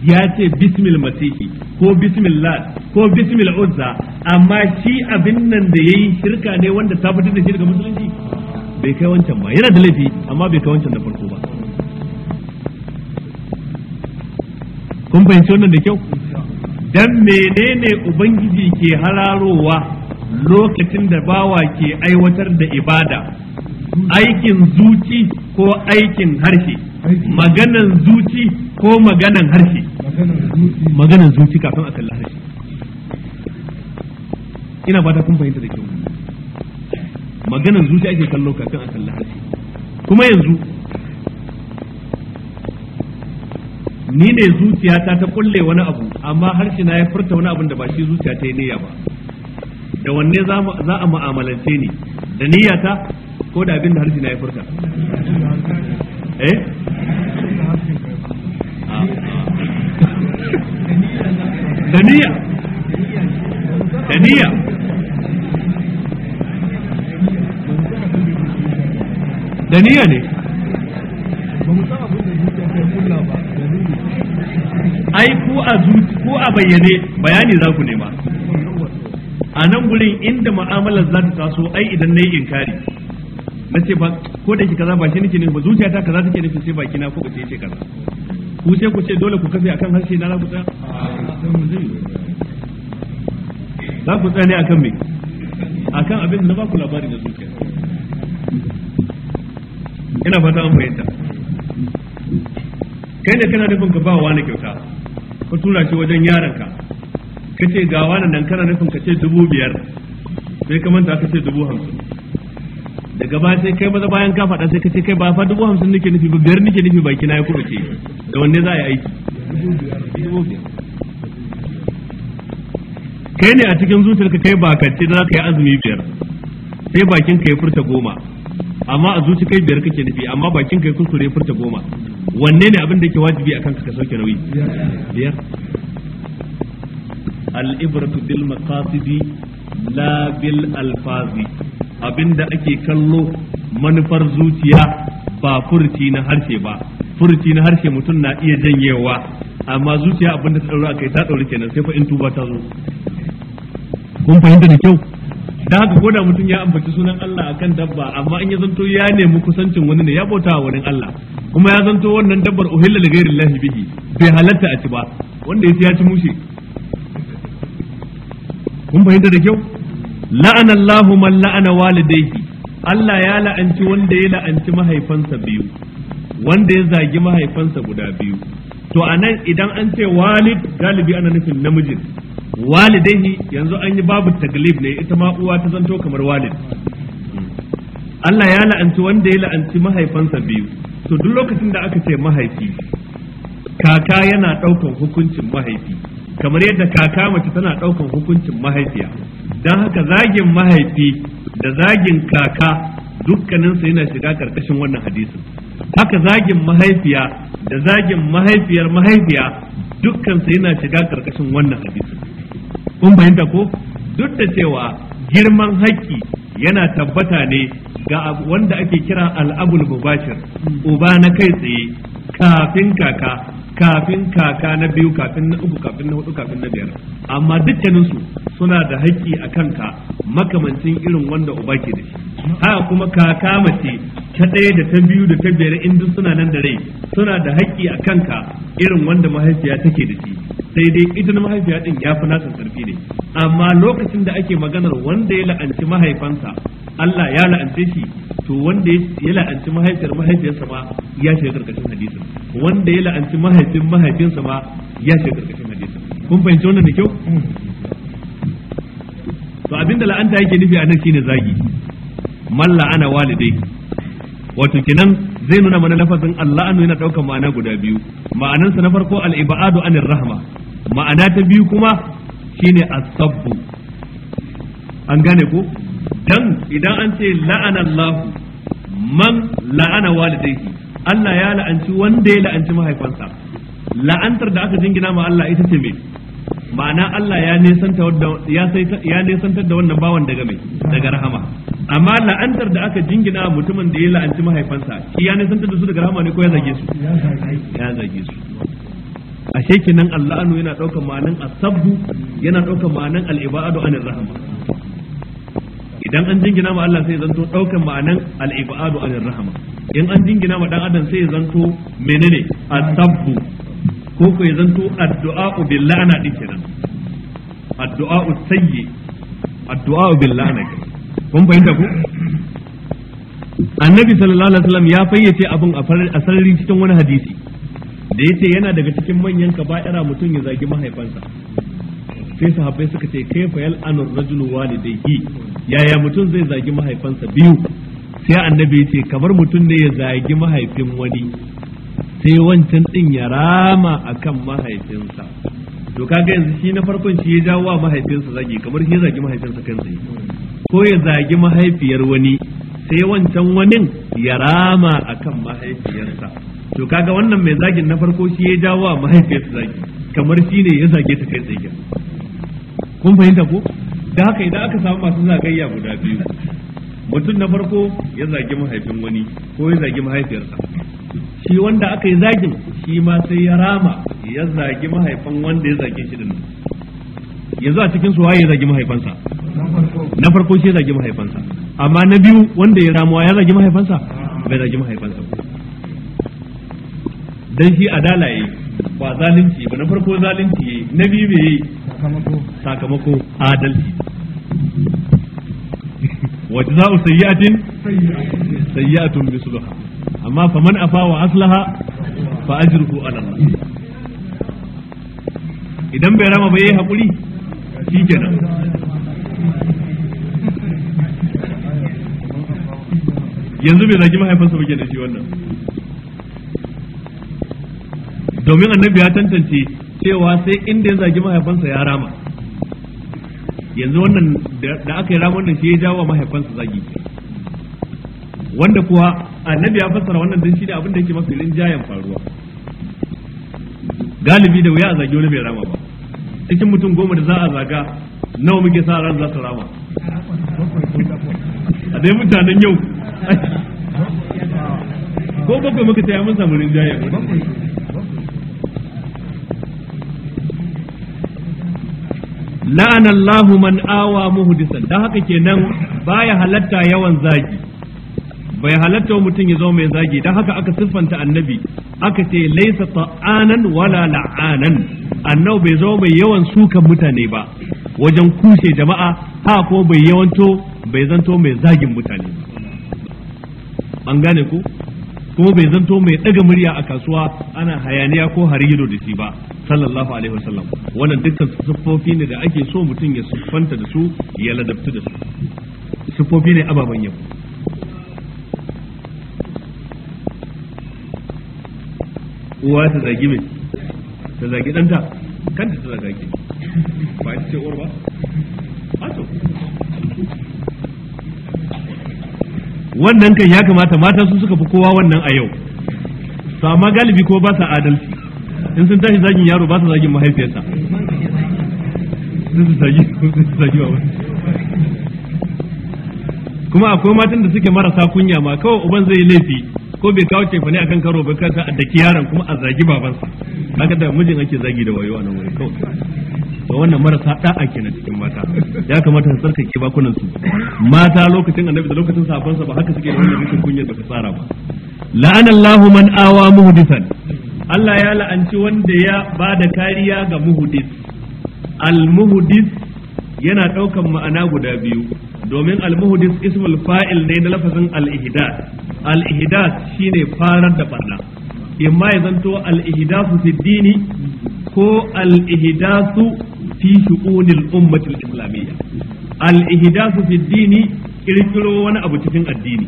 ya ce bismil masihi ko bismillah ko bismil uzza amma shi abin nan da yayi shirka ne wanda ta fitar da shi daga musulunci bai kai wancan ba yana da laifi amma bai kai wancan da farko ba kun fahimci wannan da kyau dan menene ubangiji ke hararowa lokacin da bawa ke aiwatar da ibada aikin zuci ko aikin harshe maganan zuci ko maganan harshe maganan zuci kafin a kalli harshe ina ba ta kun fahimta da kyau maganan zuci ake kallo kafin a kalli harshe kuma yanzu ni ne zuciya ta ta kulle wani abu amma harshe na ya furta wani abun da ba shi zuciya ta yi niyya ba da wanne za a mu'amalance ni da niyyata ko da abin da harshe na ya furta eh da niyya da niyya da niyya ne ai ko a zuci ko a bayyane bayani za ku nema a nan gurin inda mu'amalar za ta taso ai idan na yi inkari na ce ba ko da ki kaza ba shi nake ne ba zuciyata kaza take nake sai baki na ko ba ce kaza ku sai ku ce dole ku kafe akan harshe na ku za ku tsane akan me akan abin da na ba ku labari da zuciya ina fata an fahimta kai ne kana nufin ka ba wa wani kyauta ka tura shi wajen yaranka ka ce ga wani nan kana nufin ka ce dubu biyar sai ka manta ka ce dubu hamsin daga baya sai kai maza bayan ka faɗa sai ka ce kai ba fa dubu hamsin nake nufi ba biyar nake nufi baki na ya kuma ce da wanne za a yi aiki dubu biyar kai ne a cikin zuciyarka kai ba ka ce za ka yi azumi biyar sai bakin ka ya furta goma amma a zuci kai biyar kake nufi amma bakin ka ya kuskure ya furta goma wanne ne abin da yake wajibi akan ka ka sauke nauyi biyar al'ibratu bil maqasidi la bil alfazi abinda ake kallo manufar zuciya ba furci na harshe ba furci na harshe mutum na iya janyewa amma zuciya abinda ta daura kai ta daura kenan sai fa in tuba ta zo kun fahimta da kyau dan haka koda mutum ya ambaci sunan Allah akan dabba amma in ya zanto ya nemi kusancin wani ne ya bauta wa wurin Allah kuma ya zanto wannan dabbar uhilla li ghairi bihi bai halatta a ci ba wanda ya ci mushe kun fahimta da kyau la'ana Allahu man la'ana walidayhi Allah ya la'anci wanda ya la'anci mahaifansa biyu wanda ya zagi mahaifansa guda biyu to anan idan an ce walid galibi ana nufin namijin walidaihi yanzu an yi babu taglib ne ita ma uwa ta zanto kamar walid Allah ya la'anci wanda ya la'anci mahaifansa biyu to duk lokacin da aka ce mahaifi kaka yana ɗaukar hukuncin mahaifi kamar yadda kaka mace tana ɗaukan hukuncin mahaifiya don haka zagin mahaifi da zagin kaka dukkaninsa yana shiga ƙarƙashin wannan hadisin haka zagin mahaifiya da zagin mahaifiyar mahaifiya dukkansa yana shiga ƙarƙashin wannan hadisin kun fahimta ko duk da cewa girman haƙƙi yana tabbata ne ga wanda ake kira al'abul mubashir uba na kai tsaye kafin kaka kafin kaka na biyu kafin na uku kafin na hudu kafin na biyar amma dukkaninsu suna da haƙƙi a kanka makamancin irin wanda uba ke da shi haka kuma kaka mace ta ɗaya da ta biyu da ta biyar in duk suna nan da rai suna da haƙƙi a kanka irin wanda mahaifiya take da shi sai dai ita na mahaifiya din ya fi nasa sarfi ne amma lokacin da ake maganar wanda ya la'anci mahaifansa Allah ya la'ance shi to wanda ya la'anci mahaifiyar mahaifiyarsa ma ya shiga karkashin hadisin wanda ya la'anci mahaifiyar mahaifin mahaifinsa ma ya ce karkashin hadisi kun fahimci wannan da kyau mm. to abinda la'anta yake nufi a nan shine zagi man la'ana walidai wato kenan zai nuna mana lafazin Allah anu yana daukar ma'ana guda biyu ma'anansa na farko al-ibadu anir rahma ma'ana ta biyu kuma shine as-sabbu an gane ko dan idan an ce la'ana Allah man la'ana walidayhi Allah ya la'anci wanda ya la'anci mahaifansa la'antar da aka jingina ma Allah ita ce me ma'ana Allah ya nesanta ya sai ya nesantar da wannan bawan daga mai daga rahama amma la'antar da aka jingina mutumin da ya la'anci mahaifansa shi ya nesantar da su daga rahama ne ko ya zage su ya zage su ashe kenan Allah'anu yana daukar ma'anan asabbu yana daukar ma'anan al-ibadu anir rahama idan an jingina ma Allah sai zanto daukar ma'anan al-ibadu anir rahama in an jingina ma dan adam sai zanto menene asabbu ko ko ya zanto addu'a bil la'na din kenan addu'a sayyi addu'a bil la'na kun fahimta ku annabi sallallahu alaihi wasallam ya fayyace abin a sarari cikin wani hadisi da yace yana daga cikin manyan kaba'ira mutum ya zagi mahaifansa sai sahabbai suka ce kai fa yal'anu rajulu walidayhi yaya mutum zai zagi mahaifansa biyu sai annabi yace kamar mutum ne ya zagi mahaifin wani sai wancan din ya rama akan mahaifinsa to kaga yanzu shi na farkon shi ya jawo wa mahaifinsa zagi kamar shi ya zagi mahaifinsa kansa ko ya zagi mahaifiyar wani sai wancan wanin ya rama akan mahaifiyarsa to kaga wannan mai zagin na farko shi ya jawo wa mahaifiyarsa zagi kamar shi ne ya zage ta kai tsaye kun fahimta ko da haka idan aka samu masu zagayya guda biyu mutum na farko ya zagi mahaifin wani ko ya zagi mahaifiyarsa shi wanda aka yi zagin shi ma sai ya rama ya zagi mahaifan wanda ya zage shi din yanzu a cikin su waye ya zagi mahaifansa na farko shi ya zagi mahaifansa amma na biyu wanda ya ramuwa ya zagi mahaifansa bai zagi mahaifansa dan shi adala yayi ba zalunci ba na farko zalunci yayi na biyu bai yi sakamako adalci wa jazaa'u sayyi'atin sayyi'atun misluha amma faman afa wa aslaha fa ajruhu ala Allah idan bai rama ba yayi hakuri shikenan yanzu bai zagi mahaifinsa ba da shi wannan domin annabi ya tantance cewa sai inda ya zagi mahaifansa ya rama yanzu wannan da aka yi ramon da shi ya jawo mahaifansa zagi wanda kuwa annabi ya fassara wannan din shi da abin da yake mafi jayan faruwa galibi da wuya a zage wani bai rama ba cikin mutum goma da za a zaga nawa muke sa ran za su rama a dai mutanen yau ko bakwai muka taya mun samu rinjayen la'ana Allahu man awa muhdisan dan haka kenan baya halatta yawan zagi bai halatta wa mutum ya zo mai zagi dan haka aka siffanta annabi aka ce laisa ta'anan wala la'anan annabi bai zama mai yawan sukan mutane ba wajen kushe jama'a ha ko bai yawanto bai zanto mai zagin mutane an gane ku kuma bai zanto mai daga murya a kasuwa ana hayaniya ko harido da shi ba sallallahu alaihi wasallam wannan dukkan siffofi ne da ake so mutum ya siffanta da su ya ladabta da su siffofi ne ababen yau. uwa ta zagi mai ta zagi ɗanta kanta ta zagi ba ita ce uwar ba ato ah, wannan kan ya kamata mata su suka fi kowa wannan a yau su amma galibi ko ba sa adalci in sun tashi zagin yaro ba sa zagin mahaifiyarsa sun su zagi ba kuma akwai matan da suke marasa kunya ma kawai uban zai laifi ko bai kawo ce fane akan karo ba kansa a daki yaron kuma a zagi babansa haka da mijin ake zagi da wayo a nan wuri kawai ba wannan marasa da'a kenan cikin mata ya kamata su ke bakunan su mata lokacin annabi da lokacin safansa ba haka suke da wannan rikin kunya da tsara ba la'an Allahu man awa muhdisan Allah ya la'anci wanda ya ba da kariya ga muhdis al muhdis yana daukan ma'ana guda biyu domin almuhdis ismul fa'il ne na lafazin al-ihdath al-ihdath shine farar da barna imma ya zanto al-ihdathu fi dini ko al fi shu'unil ummati al-islamiyya al-ihdathu fi dini kirkiro wani abu cikin addini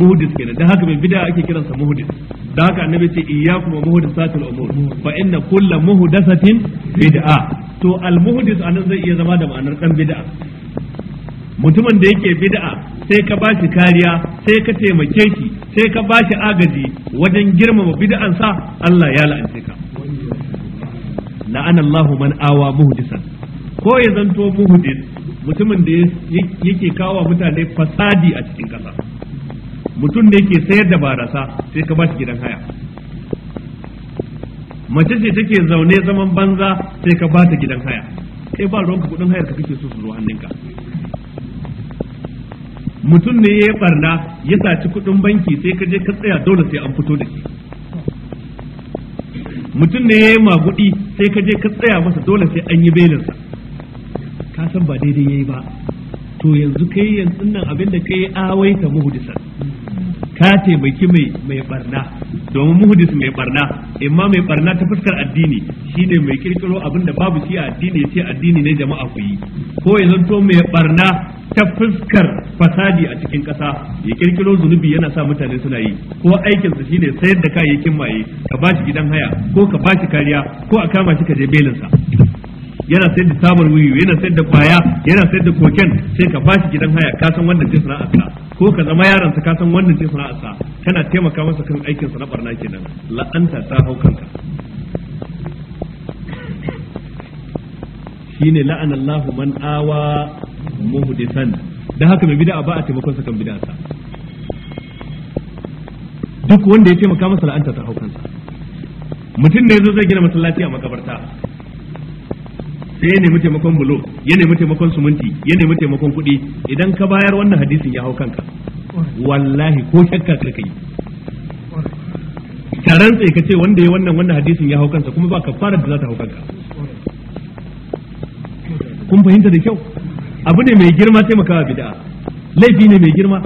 muhdis kenan da haka mai bid'a ake kiransa muhdis da haka annabi ce iyyakum wa muhdisatil umur fa inna kullu muhdathatin bid'a to al muhdis anan zai iya zama da ma'anar dan bid'a mutumin da yake bid'a sai ka bashi kariya sai ka taimake shi sai ka bashi agaji wajen girmama bid'ansa Allah ya la'ance ka Allahu man awa muhdisan ko ya zanto muhdis mutumin da yake kawo mutane fasadi a cikin kasa mutum da yake sayar da barasa sai ka bashi gidan haya mace ce take zaune zaman banza sai ka bata gidan haya kai ba ruwanka kudin hayar ka kake so su zo hannunka mutum ne ya yi barna ya saci kuɗin banki sai ka je ka tsaya dole sai an fito da shi mutum ne ya yi magudi sai ka je ka tsaya masa dole sai an yi belinsa ka san ba daidai ya yi ba to yanzu kai yanzu nan abin da kai awai ta muhudisar ka taimaki mai mai barna domin muhdis mai barna imma mai barna ta fuskar addini shine mai kirkiro abin da babu shi a addini ce addini ne jama'a ku yi ko ya zanto mai barna ta fuskar fasadi a cikin kasa ya kirkiro zunubi yana sa mutane suna yi ko aikinsa shine sayar da kayayyakin maye ka bashi gidan haya ko ka bashi kariya ko a kama shi ka je belinsa yana sayar da sabar wuyu yana sayar da kwaya yana sayar da koken sai ka bashi gidan haya ka san wannan ce sanaa ko ka zama yaron ka san wannan ce sa kana taimaka masa kan aikin sa na barna kenan la'anta ta hau kanka shine la'ana Allah man awa muhdisan dan haka mai bid'a ba a taimakon sa kan bid'a sa duk wanda ya taimaka masa la'anta ta hau kansa mutum ne zo zai gina masallaci a makabarta sai ya nemi taimakon bulo ya nemi taimakon sumunti ya nemi taimakon kuɗi idan ka bayar wannan hadisin ya hau kanka wallahi ko shakka ka yi taron tsaye ka ce wanda ya wannan wannan hadisin ya hau kansa kuma ba ka fara da za ta hau kanka kun fahimta da kyau abu ne mai girma taimakawa bid'a laifi ne mai girma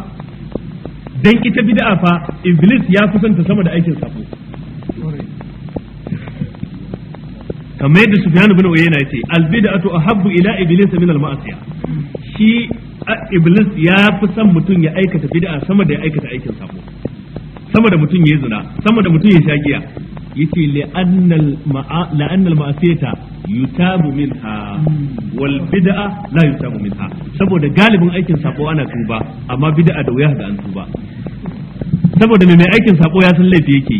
dan ita bid'a fa iblis ya kusanta sama da aikin sabo kamar yadda Sufyan bin Uyayna yace al bid'atu ahabbu ila iblis min al ma'siyah shi iblis ya fi son mutum ya aikata bid'a sama da ya aikata aikin sabo sama da mutum yayi zina sama da mutum yayi shagiya yace la'annal ma'a la'annal ma'siyata yutabu minha wal bid'a la yutabu minha saboda galibin aikin sabo ana tuba amma bid'a da wuya ga an tuba saboda mai aikin sabo ya san laifi yake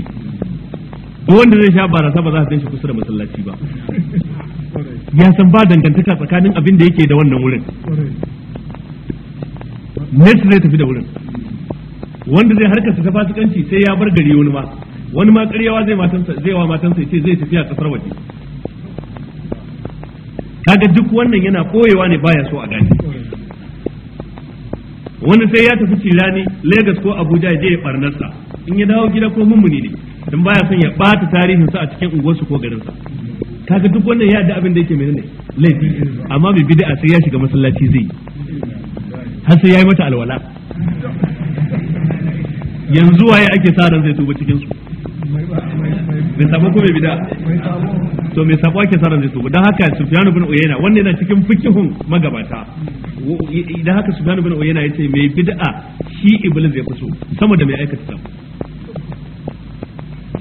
duk wanda zai sha barasa ba za a shi kusa da masallaci ba ya san ba dangantaka tsakanin abin da yake da wannan wurin net zai tafi da wurin wanda zai harkarsa ta fasikanci sai ya bar gari wani ma wani ma karyawa zai matansa wa matansa ce zai tafiya kasar waje kaga duk wannan yana koyewa ne baya so a gani wani sai ya tafi cirani Legas ko Abuja ya je ya barnarsa in ya dawo gida ko mummuni ne don baya son ya bata tarihin sa a cikin unguwarsu ko garinsa kaga duk wannan ya da abin da yake menene laifi amma mai bid'a sai ya shiga masallaci zai har sai yayi mata alwala yanzu waye ake sa ran zai tuba cikin su mai sabo ko mai bid'a to mai sabo ake sa ran zai tuba dan haka Sufyan ibn Uyayna wannan yana cikin fikihun magabata idan haka Sufyan ibn Uyayna yace mai bid'a shi iblis ya fito sama da mai aikata sabo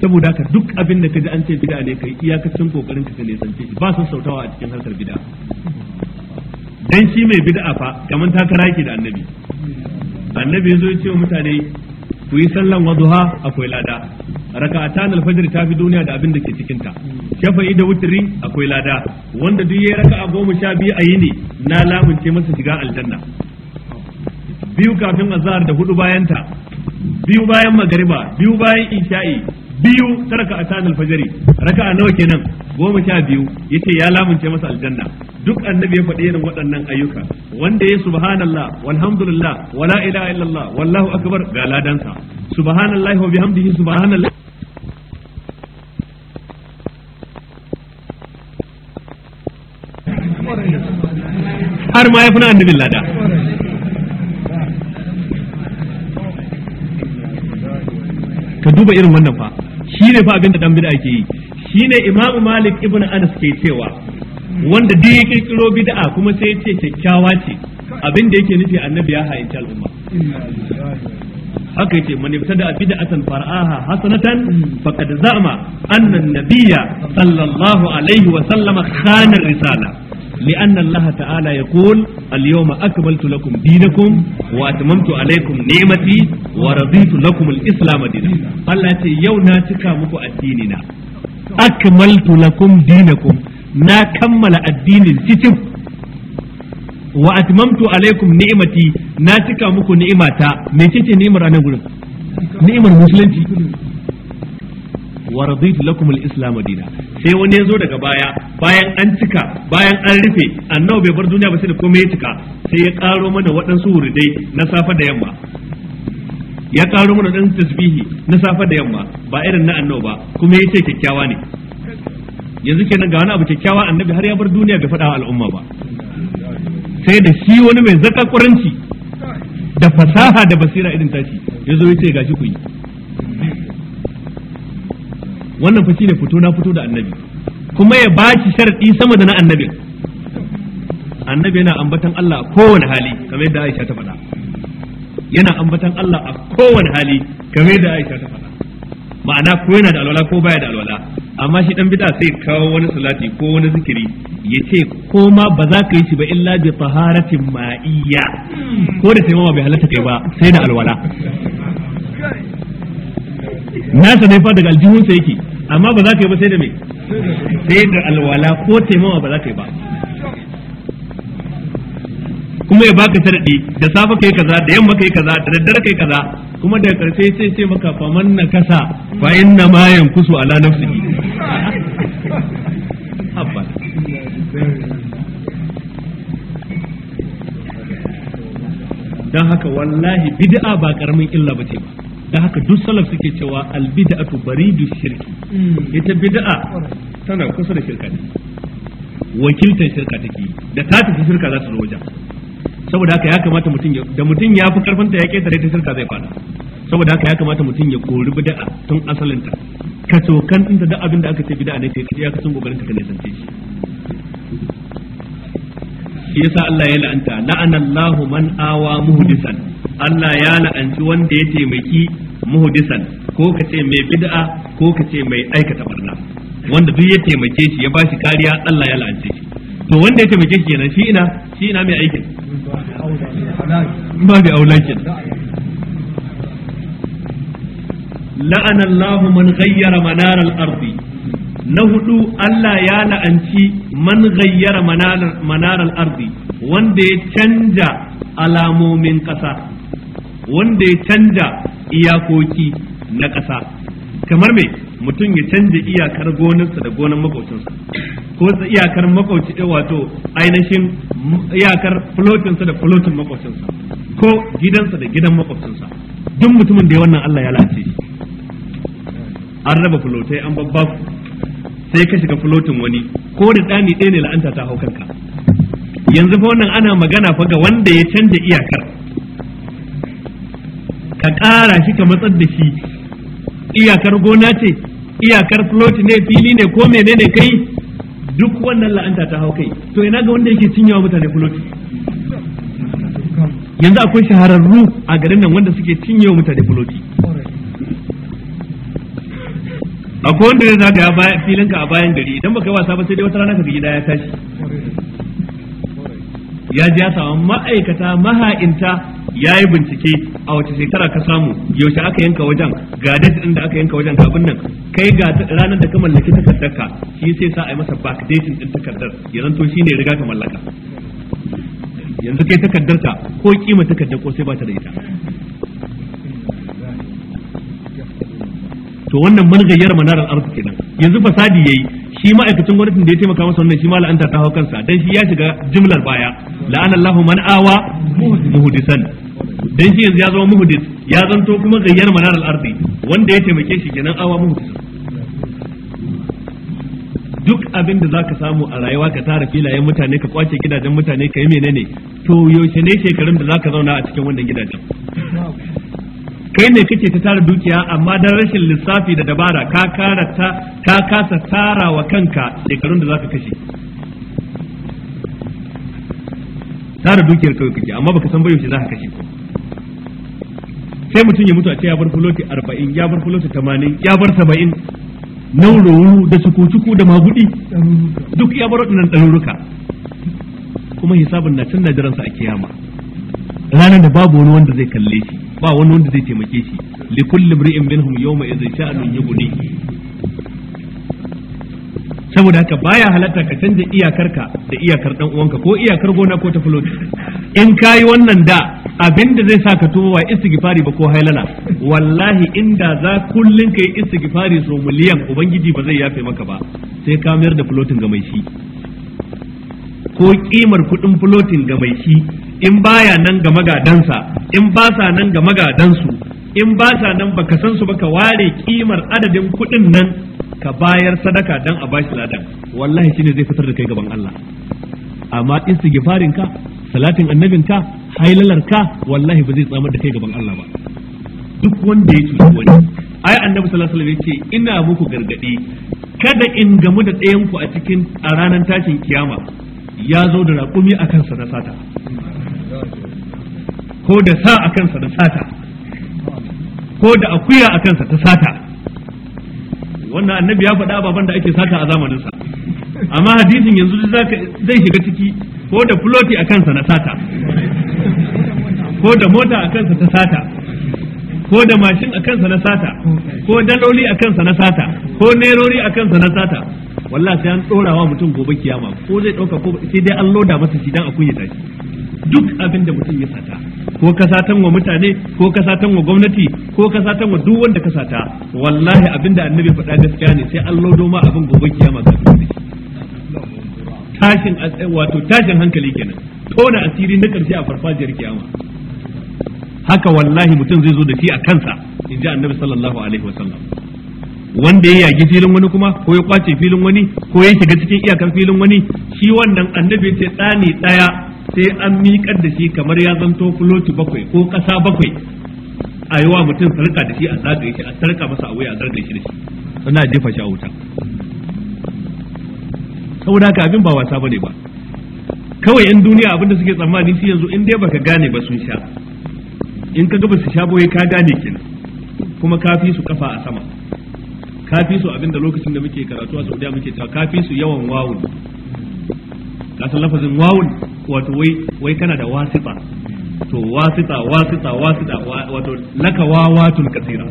saboda haka duk abin da kaji an ce bid'a ne kai iyakacin kokarin ka ne zance shi ba san sautawa a cikin harkar bid'a dan shi mai bid'a fa kaman takara ki da annabi annabi yazo ya ce wa mutane ku yi sallan wadduha akwai lada raka'atan alfajr ta fi duniya da abin da ke cikin ta shafa'i da wutri akwai lada wanda duk yayi raka'a goma sha biyu a yini na lamunce masa shiga aljanna biyu kafin azhar da hudu bayan ta biyu bayan magariba biyu bayan isha'i biyu ta raka a tan alfajari raka'a nawa kenan goma sha biyu yace ya lamunce masa aljanna duk annabi ya faɗi irin waɗannan ayyuka wanda ya subhanallah walhamdulillah wala ilaha illallah wallahu akbar ga ladansa subhanallahi wa bihamdihi subhanallah har ma ya fi na lada ka duba irin wannan fa Shi ne fa abin da dambida ake yi. Shi ne imamu malik ibn anas ke cewa wanda duk ya kirkiro bid'a kuma sai ya ce kyakkyawa ce abin da yake nufi annabi ya hayanci al'umma haka yace man ibtada bid'atan far'aha hasanatan mm. faqad za'ama anna an-nabiyya sallallahu alaihi wa sallama khana risala لأن الله تعالى يقول اليوم أكملت لكم دينكم وأتممت عليكم نعمتي ورضيت لكم الإسلام دينا الله يتي يونا تكامك الديننا أكملت لكم دينكم نا كمل الدين الستم وأتممت عليكم نعمتي نا تكامك نعمتا من تتي نعمة أنا نعمة المسلمين wa raditu lakum al-islam dina sai wani yazo daga baya bayan an cika bayan an rufe annabi bai bar duniya ba sai da komai ya cika sai ya karo mana waɗansu wurdai na safa da yamma ya karo mana dan tasbihi na safa da yamma ba irin na annabi ba kuma yace kyakkyawa ne yanzu kenan ga wani abu kyakkyawa annabi har ya bar duniya bai faɗa al'umma ba sai da shi wani mai zaka kuranci da fasaha da basira irin tashi ya zo ya ce gashi ku yi wannan fa shine fito na fito da annabi kuma ya baci sharadi sama da na annabin annabi yana ambatan Allah a kowane hali kamar yadda Aisha ta faɗa yana ambatan Allah a kowane hali kamar yadda Aisha ta faɗa ma'ana ko yana da alwala ko baya da alwala amma shi dan bid'a sai kawo wani salati ko wani zikiri ya ce ko ma ba za ka yi shi ba illa bi taharatin ma'iyya ko da sai ma bai halatta kai ba sai da alwala nasa ne fa daga aljihunsa yake amma ba za ka yi ba sai da me sai da alwala ko taimawa ba za ka yi ba kuma ya baka sharadi da safa kai kaza da yamma kai kaza da daddare kai kaza kuma daga karshe sai ce maka faman na kasa fa inna ma yankusu ala nafsihi abba dan haka wallahi bid'a ba karamin illa bace ba da haka duk salaf suke cewa albida'atu baridu shirki hmm. ita bid'a tana kusa da shirka ne wakiltar shirka take da ta tafi shirka za su zo wajen saboda haka ya kamata mutum da mutum ya fi karfin ta ya ketare ta shirka zai fada saboda haka ya kamata mutum ya kori bid'a tun asalin ta ka tokan din da abin da aka ce bid'a ne kai ya kasan gobarin ka ne zance shi shi yasa Allah ya la'anta la'anallahu man awa muhdisan Allah ya la'anci wanda ya taimaki muhdisan ko ka ce mai bid'a ko ka ce mai aikata barna wanda duk ya taimake shi ya ba shi kariya Allah ya la'ance shi to wanda ya taimake shi kenan shi ina shi ina mai aikin ba bi aulakin la'ana Allah man ghayyara manar al ardi na hudu Allah ya la'anci man ghayyara manar al ardi wanda ya canja alamomin kasa wanda ya canja iyakoki na ƙasa kamar me mutum ya canja iyakar gonarsa da gonar makocinsa ko sa iyakar makoci eh, wato ainihin iyakar fulotinsa da flotin makocinsa ko gidansa da gidan makocinsa duk mutumin da ya wannan Allah ya lace shi an raba flotai an babba sai ka shiga flotin wani ko da tsani ɗaya ne la'anta ta hau yanzu fa wannan ana magana fa ga wanda ya canja iyakar ka ƙara shi ka matsar da shi iyakar gona ce iyakar floti ne fili ne ko menene kai duk wannan la'anta ta hau kai to ina ga wanda yake cinyawa mutane floti yanzu akwai shahararru a garin nan wanda suke cinyewa mutane floti akwai wanda ya zaga filin a bayan gari idan baka yi wasa ba sai dai wata rana ka gida ya tashi ya ji ya samu ma'aikata maha'inta ya yi bincike a wace shekara ka samu yaushe aka yanka wajen ga din da aka yanka wajen kafin nan kai ga ranar da ka mallaki takardarka shi sai sa a yi masa backdating din takardar ya zanto shine riga ka mallaka yanzu kai takardarka ko kima takardar ko sai ba ta da ita to wannan man manarar manar al kenan yanzu fasadi yayi shi ma'aikacin gwamnatin da ya taimaka masa wannan shi ma la'anta ta hau kansa dan shi ya shiga jimlar baya la'ana Allahu man awa muhdisan dan shi yanzu ya zama muhdis ya zanto kuma gayyar manar al-ardi wanda ya taimake shi kenan awa muhdis duk abin da zaka samu a rayuwa ka tara filayen mutane ka kwace gidajen mutane ka yi menene to yaushe ne shekarun da zaka zauna a cikin wannan gidajen kai ne kake ta tara dukiya amma dan rashin lissafi da dabara ka kara ta ka kasa tara wa kanka shekarun da zaka kashe tara dukiyar kai kake amma baka san bai yaushe zaka kashe sai mutum ya mutu a ce ya bar fuloti 40 ya bar fuloti 80 ya bar 70 nauro da sukutuku da magudi duk ya bar wadannan daruruka kuma hisabin na can na jiransa a kiyama ranar da babu wani wanda zai kalle shi ba wani wanda zai taimake shi li kulli mri'in minhum yawma idhin sha'anun yughni saboda haka baya halatta ka canja iyakarka da iyakar dan uwanka ko iyakar gona ko ta fulot in kayi wannan da abinda zai sa ka tuba wa istighfari ba ko hailala wallahi inda za kullun kai istighfari so miliyan ubangiji ba zai yafe maka ba sai ka mayar da fulotin ga mai shi ko kimar kudin fulotin ga mai shi in baya nan ga magadansa in ba sa nan ga magadansu in ba sa nan baka san su ba ka ware kimar adadin kuɗin nan ka bayar sadaka dan a bashi ladan wallahi shine zai fitar da kai gaban Allah amma istighfarin ka salatin annabin ka hailalar ka wallahi ba zai tsamar da kai gaban Allah ba duk wanda ya cuci wani ai annabi sallallahu alaihi wasallam yake ina muku gargadi kada in gamu da ɗayan ku a cikin a ranar tashin kiyama ya zo da raƙumi a kansa na sata ko da sa a kansa da sata ko da akuya a kansa ta sata wannan annabi ya faɗa ababen da ake sata a sa. amma hadisin yanzu zai shiga ciki ko da fuloti a kansa na sata ko da mota a kansa ta sata ko da mashin a kansa na sata ko daloli a kansa na sata ko nerori a kansa na sata wallahi sai an ɗora wa mutum gobe kiyama ko zai ɗauka ko sai dai an loda masa shi dan a kunyata shi duk abin da mutum ya sata ko ka satan wa mutane ko ka satan wa gwamnati ko ka satan wa duk wanda ka sata wallahi abin da annabi faɗa gaskiya ne sai Allah ma abin gobe kiyama ga tashin eh, wato tashin hankali kenan tona asiri na karshe a farfajiyar kiyama haka wallahi mutum zai zo da shi a kansa in ji annabi sallallahu alaihi wasallam wanda ya yagi filin wani kuma ko ya kwace filin wani ko ya shiga cikin iyakar filin wani shi wannan annabi ce tsani daya sai an miƙar da shi kamar ya zanto fuloti bakwai ko ƙasa bakwai a yi wa mutum sarka da shi a zagaye shi a sarka masa a wuya a zarga shi da shi sannan a jefa shi a wuta saboda haka abin ba wasa bane ba kawai yan duniya abin da suke tsammani shi yanzu in dai baka gane ba sun sha in ka gaba su sha boye ka gane kin kuma ka fi su kafa a sama ka fi su abin lokacin da muke karatu a Saudiya muke cewa ka fi su yawan wawun ka lafazin wawun wato wai wai kana da wasifa to wasita wasita wasita wato laka wawatul kasira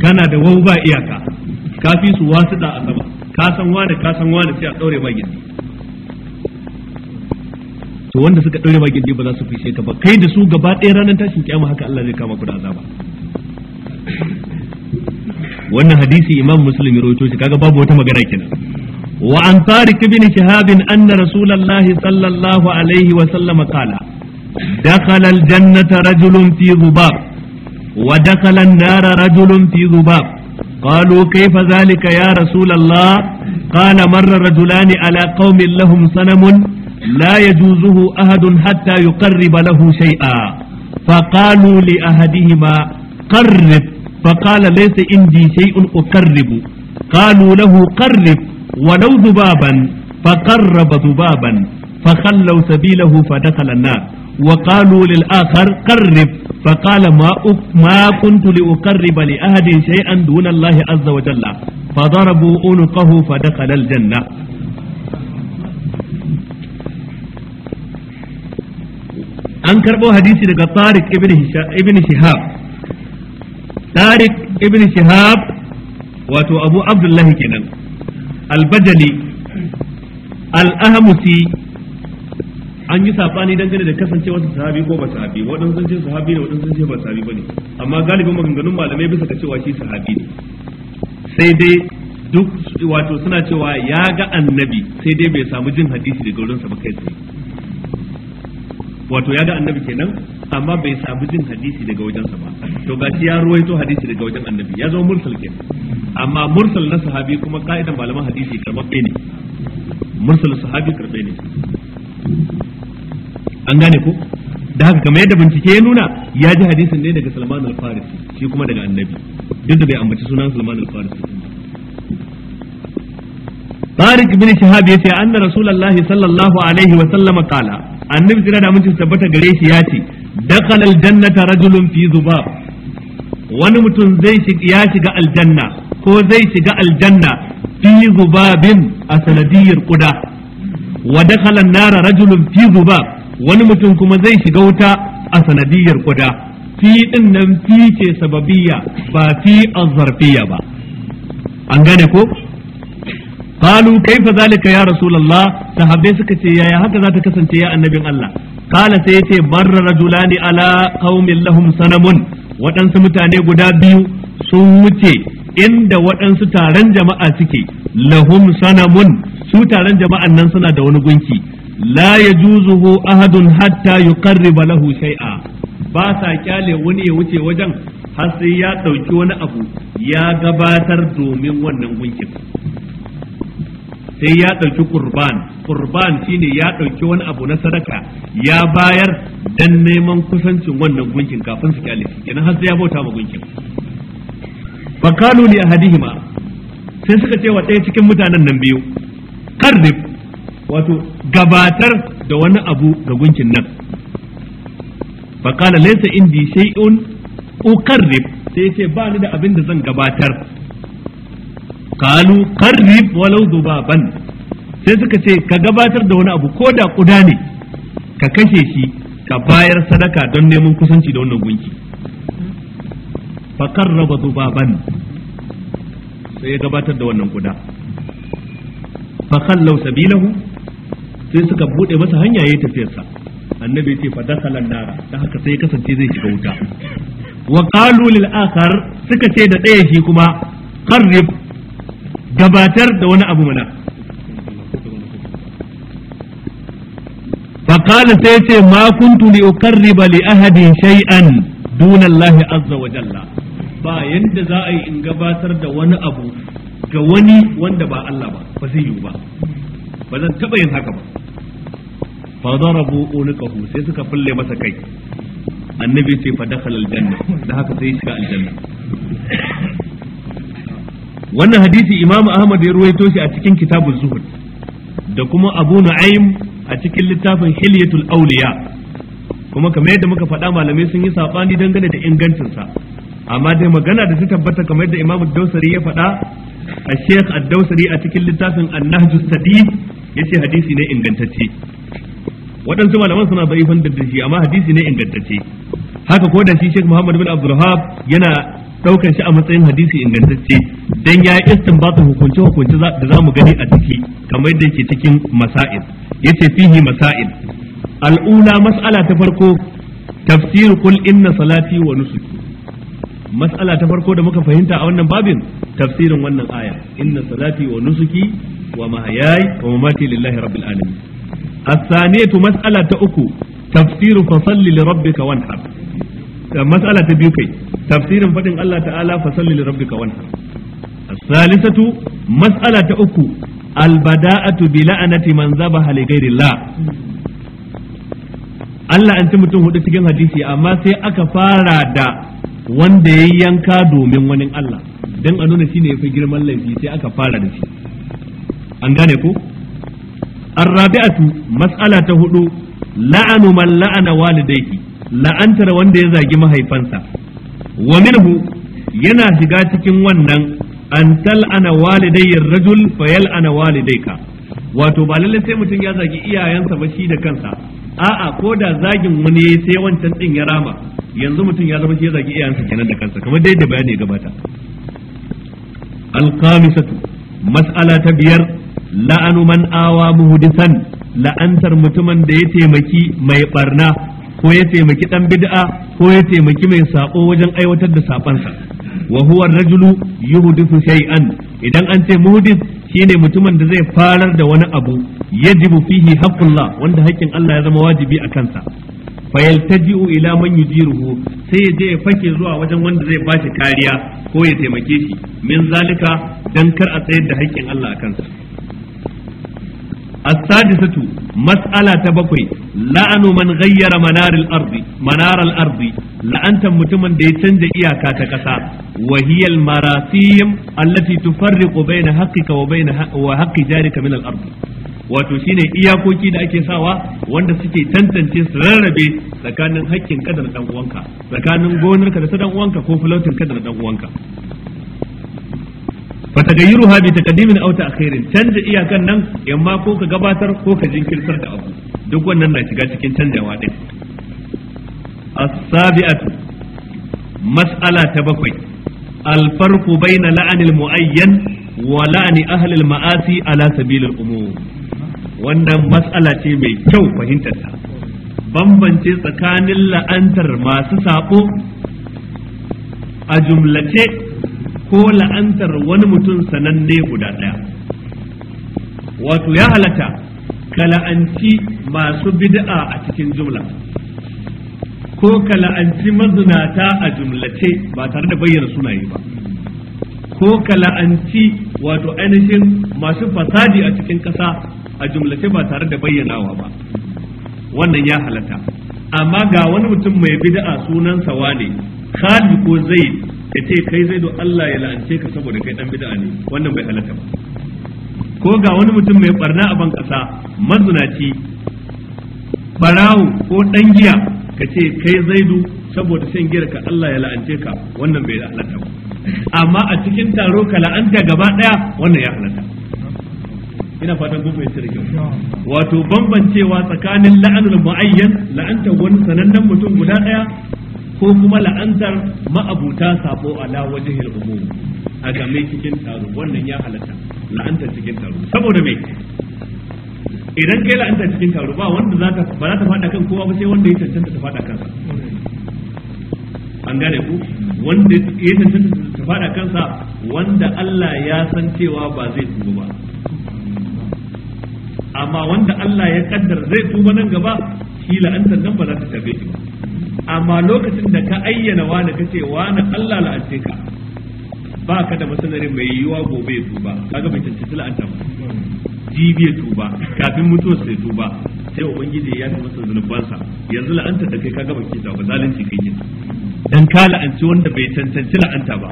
kana da wau ba iyaka ka fi su wasita a sama ka san wani ka san wani sai a daure ba gindi to wanda suka daure ba gindi ba za su fishe ka ba kai da su gaba ɗaya ranar tashin kiyama haka Allah zai kama ku da azaba wannan hadisi imam muslim ya rawaito shi kaga babu wata magana kenan وعن طارق بن شهاب أن رسول الله صلى الله عليه وسلم قال دخل الجنة رجل في ذباب ودخل النار رجل في ذباب قالوا كيف ذلك يا رسول الله قال مر رجلان على قوم لهم صنم لا يجوزه أحد حتى يقرب له شيئا فقالوا لأحدهما قرب فقال ليس عندي شيء أقرب قالوا له قرب walau dubaban fa qarraba dubaban fa khallu sabilahu fa dakhala an-nar wa qalu lil akhar qarrib fa qala ma ma kuntu li uqarriba li ahadin shay'an janna an karɓo hadisi daga tariq ibn shihab tariq ibn shihab wato abu abdullahi kenan albajali al'ahamusi an yi sabani dangane da kasance su sahabi ko ba sahabi wadan sun ce sahabi ne wadan sun ce ba sahabi bane amma galibin maganganun malamai bisa ka cewa shi sahabi ne sai dai duk wato suna cewa ya ga annabi sai dai bai samu jin hadisi daga wurinsa ba kai tsaye wato ya ga annabi kenan amma bai samu jin hadisi daga wajensa ba to gashi ya ruwaito hadisi daga wajen annabi ya zama mursal kenan amma mursal na sahabi kuma ka'idan malaman hadisi karbabbe ne mursal sahabi karbe ne an gane ko da haka kamar yadda bincike ya nuna ya ji hadisin ne daga Salman al-Farisi shi kuma daga annabi duk da bai ambaci sunan Salman al-Farisi ba tariq bin shahab yace anna rasulullahi sallallahu alaihi wa sallama qala annabi jira da mutum tabbata gare shi ya ce dakhala aljannata rajulun fi zubab wani mutum ya shiga aljanna ko zai shiga aljanna fi zubabin a sanadiyyar kuda wa dakhala nara rajulun fi zubab wani mutum kuma zai shiga wuta a sanadiyyar kuda fi din nan fi ce sababiyya ba fi a azzarfiyya ba an gane ko كيف ذلك يا ya الله sahabbai suka ce yaya haka zata kasance ya annabin Allah Kale sai yace barra rajulani ala qaumin lahum sanamun waɗansu mutane guda biyu sun wuce inda waɗansu taron jama'a suke lahum sanamun su taron jama'an nan suna da wani gunki la yajuzuhu ahadun hatta yuqarriba lahu shay'a ba sa kyale wani ya wuce wajen har sai ya ɗauki wani abu ya gabatar domin wannan gunkin sai ya ɗauki kurban kurban shine ya ɗauki wani abu na sadaka ya bayar dan neman kusancin wannan gunkin kafin su kyale kenan har sai ya bauta ma gunkin kanu li ahadihima sai suka ce wa ɗaya cikin mutanen nan biyu qarrib wato gabatar da wani abu ga gunkin nan kana laysa indi shay'un uqarrib sai ce ba ni da abin da zan gabatar kalu qarrib walau dubaban sai suka ce ka gabatar da wani abu ko da kuda ne ka kashe shi ka bayar sadaka don neman kusanci da wannan gunki fa qarraba dubaban sai ya gabatar da wannan kuda fa khallau sabilahu sai suka bude masa hanya yayin tafiyarsa annabi ya ce fa dakhala nara dan haka sai ya kasance zai shiga wuta wa qalu lil akhar suka ce da ɗaya shi kuma qarrib gabatar da wani abu mana فقال سيتي ما كنت لأقرب لأحد شيئا دون الله عز وجل ba yanda za a yi in gabatar da wani abu ga wani wanda ba Allah ba ba zai yiwu ba ba zan taɓa yin haka ba fa darabu unukahu sai suka fulle masa kai annabi ce fa dakhala aljanna da haka sai shiga aljanna wannan hadisi imamu ahmad ya ruwaito shi a cikin kitabun zuhud da kuma abu nu'aym a cikin littafin hilyatul awliya kuma kamar yadda muka faɗa malamai sun yi sabani dangane da ingancinsa amma dai magana da ta tabbata kamar yadda imamu dausari ya faɗa a sheikh ad-dausari a cikin littafin an-nahjus sadid yace hadisi ne ingantacce waɗansu malaman suna da'ifan da shi amma hadisi ne ingantacce haka ko da shi Sheikh Muhammad bin Abdul yana daukan shi a matsayin hadisi ingantacce dan ya istinbatu hukunce hukunce da za mu gani a ciki kamar yadda yake cikin masail yace fihi masail al'ula mas'ala ta farko tafsir kul inna salati wa nusuki mas'ala ta farko da muka fahimta a wannan babin tafsirin wannan aya inna salati wa nusuki wa mahayai wa mamati lillahi rabbil alamin الثانية مسألة أكو تفسير فصل لربك وانحر mas'ala ta biyu kai tafsirin fadin Allah ta'ala fa salli li rabbika wanha as-salisatu mas'ala ta uku al-bada'atu bi la'anati man zabaha li ghairi Allah an ci mutum hudu cikin hadisi amma sai aka fara da wanda ya yanka domin wani Allah dan a nuna shine yafi girman laifi sai aka fara da shi an gane ko الرابعة مسألة هدو لعن من لعن والديه la'antar wanda ya zagi mahaifansa wa minhu yana shiga cikin wannan an tal'ana walidayyar rajul fa yal'ana walidayka wato ba lalle sai mutum ya zagi iyayensa ba shi da kansa a'a ko da zagin wani sai wancan din ya rama yanzu mutum ya zama shi ya zagi iyayensa kenan da kansa kamar dai da bayani gabata alqamisatu mas'ala ta biyar la'anu man awa muhdisan la'antar mutumin da ya taimaki mai barna ko ya taimaki dan bid'a ko ya taimaki mai saƙo wajen aiwatar da sabansa wa huwa rajulu yuhdithu shay'an idan an ce muhdith shine mutumin da zai farar da wani abu yajibu fihi haqqullah wanda haƙƙin Allah ya zama wajibi a kansa fa yaltaji'u ila man yujiruhu sai ya je ya fake zuwa wajen wanda zai ba shi kariya ko ya taimake shi min zalika dan kar a tsayar da haƙƙin Allah a kansa السادسة مسألة بقي لأن من غير منار الأرض منار الأرض لأنت متمن دي تنجا إياكا تكسا وهي المراسيم التي تفرق بين حقك وبين وحق جارك من الأرض wato shine iyakoki da ake sawa wanda suke tantance su rarrabe tsakanin haƙƙin ka dan uwanka tsakanin gonarka da ta dan uwanka ko fulautin ka dan uwanka Bata fa ta bi taqdimin aw ta'khirin canja iyakan nan yamma ko ka gabatar ko ka jinkirtar da abu duk wannan na shiga cikin canjawa din as-sabi'atu mas'ala ta bakwai alfarku farqu baina la'anin mu'ayyan wa la'ani ahli maasi ala sabilin umum wannan mas'ala ce mai kyau fahimtarta. bambance tsakanin la'antar masu saɓo a jumlace ko la'antar wani mutum sananne guda ɗaya wato ya halatta ka la'anci masu bid'a a cikin jumla ko ka la'anci mazinata a jumlace ba tare da bayyana sunaye ba ko ka la'anci wato ainihin masu fasadi a cikin ƙasa a jumlace ba tare da bayyanawa ba wannan ya halatta amma ga wani mutum mai bid'a sunansa wane Khalid ko Zaid ka ce kai zai do Allah ya la'ance ka saboda kai dan bid'a ne wannan bai halaka ba ko ga wani mutum mai barna a ban kasa mazunaci barawo ko dan giya ka ce kai zaidu saboda shan giyar ka Allah ya la'ance ka wannan bai halaka ba amma a cikin taro ka la'anta gaba daya wannan ya halaka ina fatan kun fahimci da kyau wato bambancewa tsakanin la'anul mu'ayyan la'anta wani sanannen mutum guda daya ko kuma la'antar ma'abuta sabo ala wajhil umum a game cikin taro wannan ya halatta la'antar cikin taro saboda me idan kai la'antar cikin taro ba wanda za ta ba za ta fada kan kowa ba sai wanda ya tantance ta fada kansa an gane ku wanda ya tantance ta fada kansa wanda Allah ya san cewa ba zai tuba ba amma wanda Allah ya kaddara zai tuba nan gaba shi la'antar nan ba za ta tabe shi ba amma lokacin da ka ayyana wani ka ce wani Allah la'ance ka ba ka da masanarin mai yiwuwa gobe ya tuba ka bai cancanci la'anta ba jibi ya tuba kafin mutuwar sai tuba sai ubangiji ya fi masa zunubansa yanzu la'anta da kai ka gaba kisa ba zalunci kai kisa dan ka la'anci wanda bai cancanci la'anta ba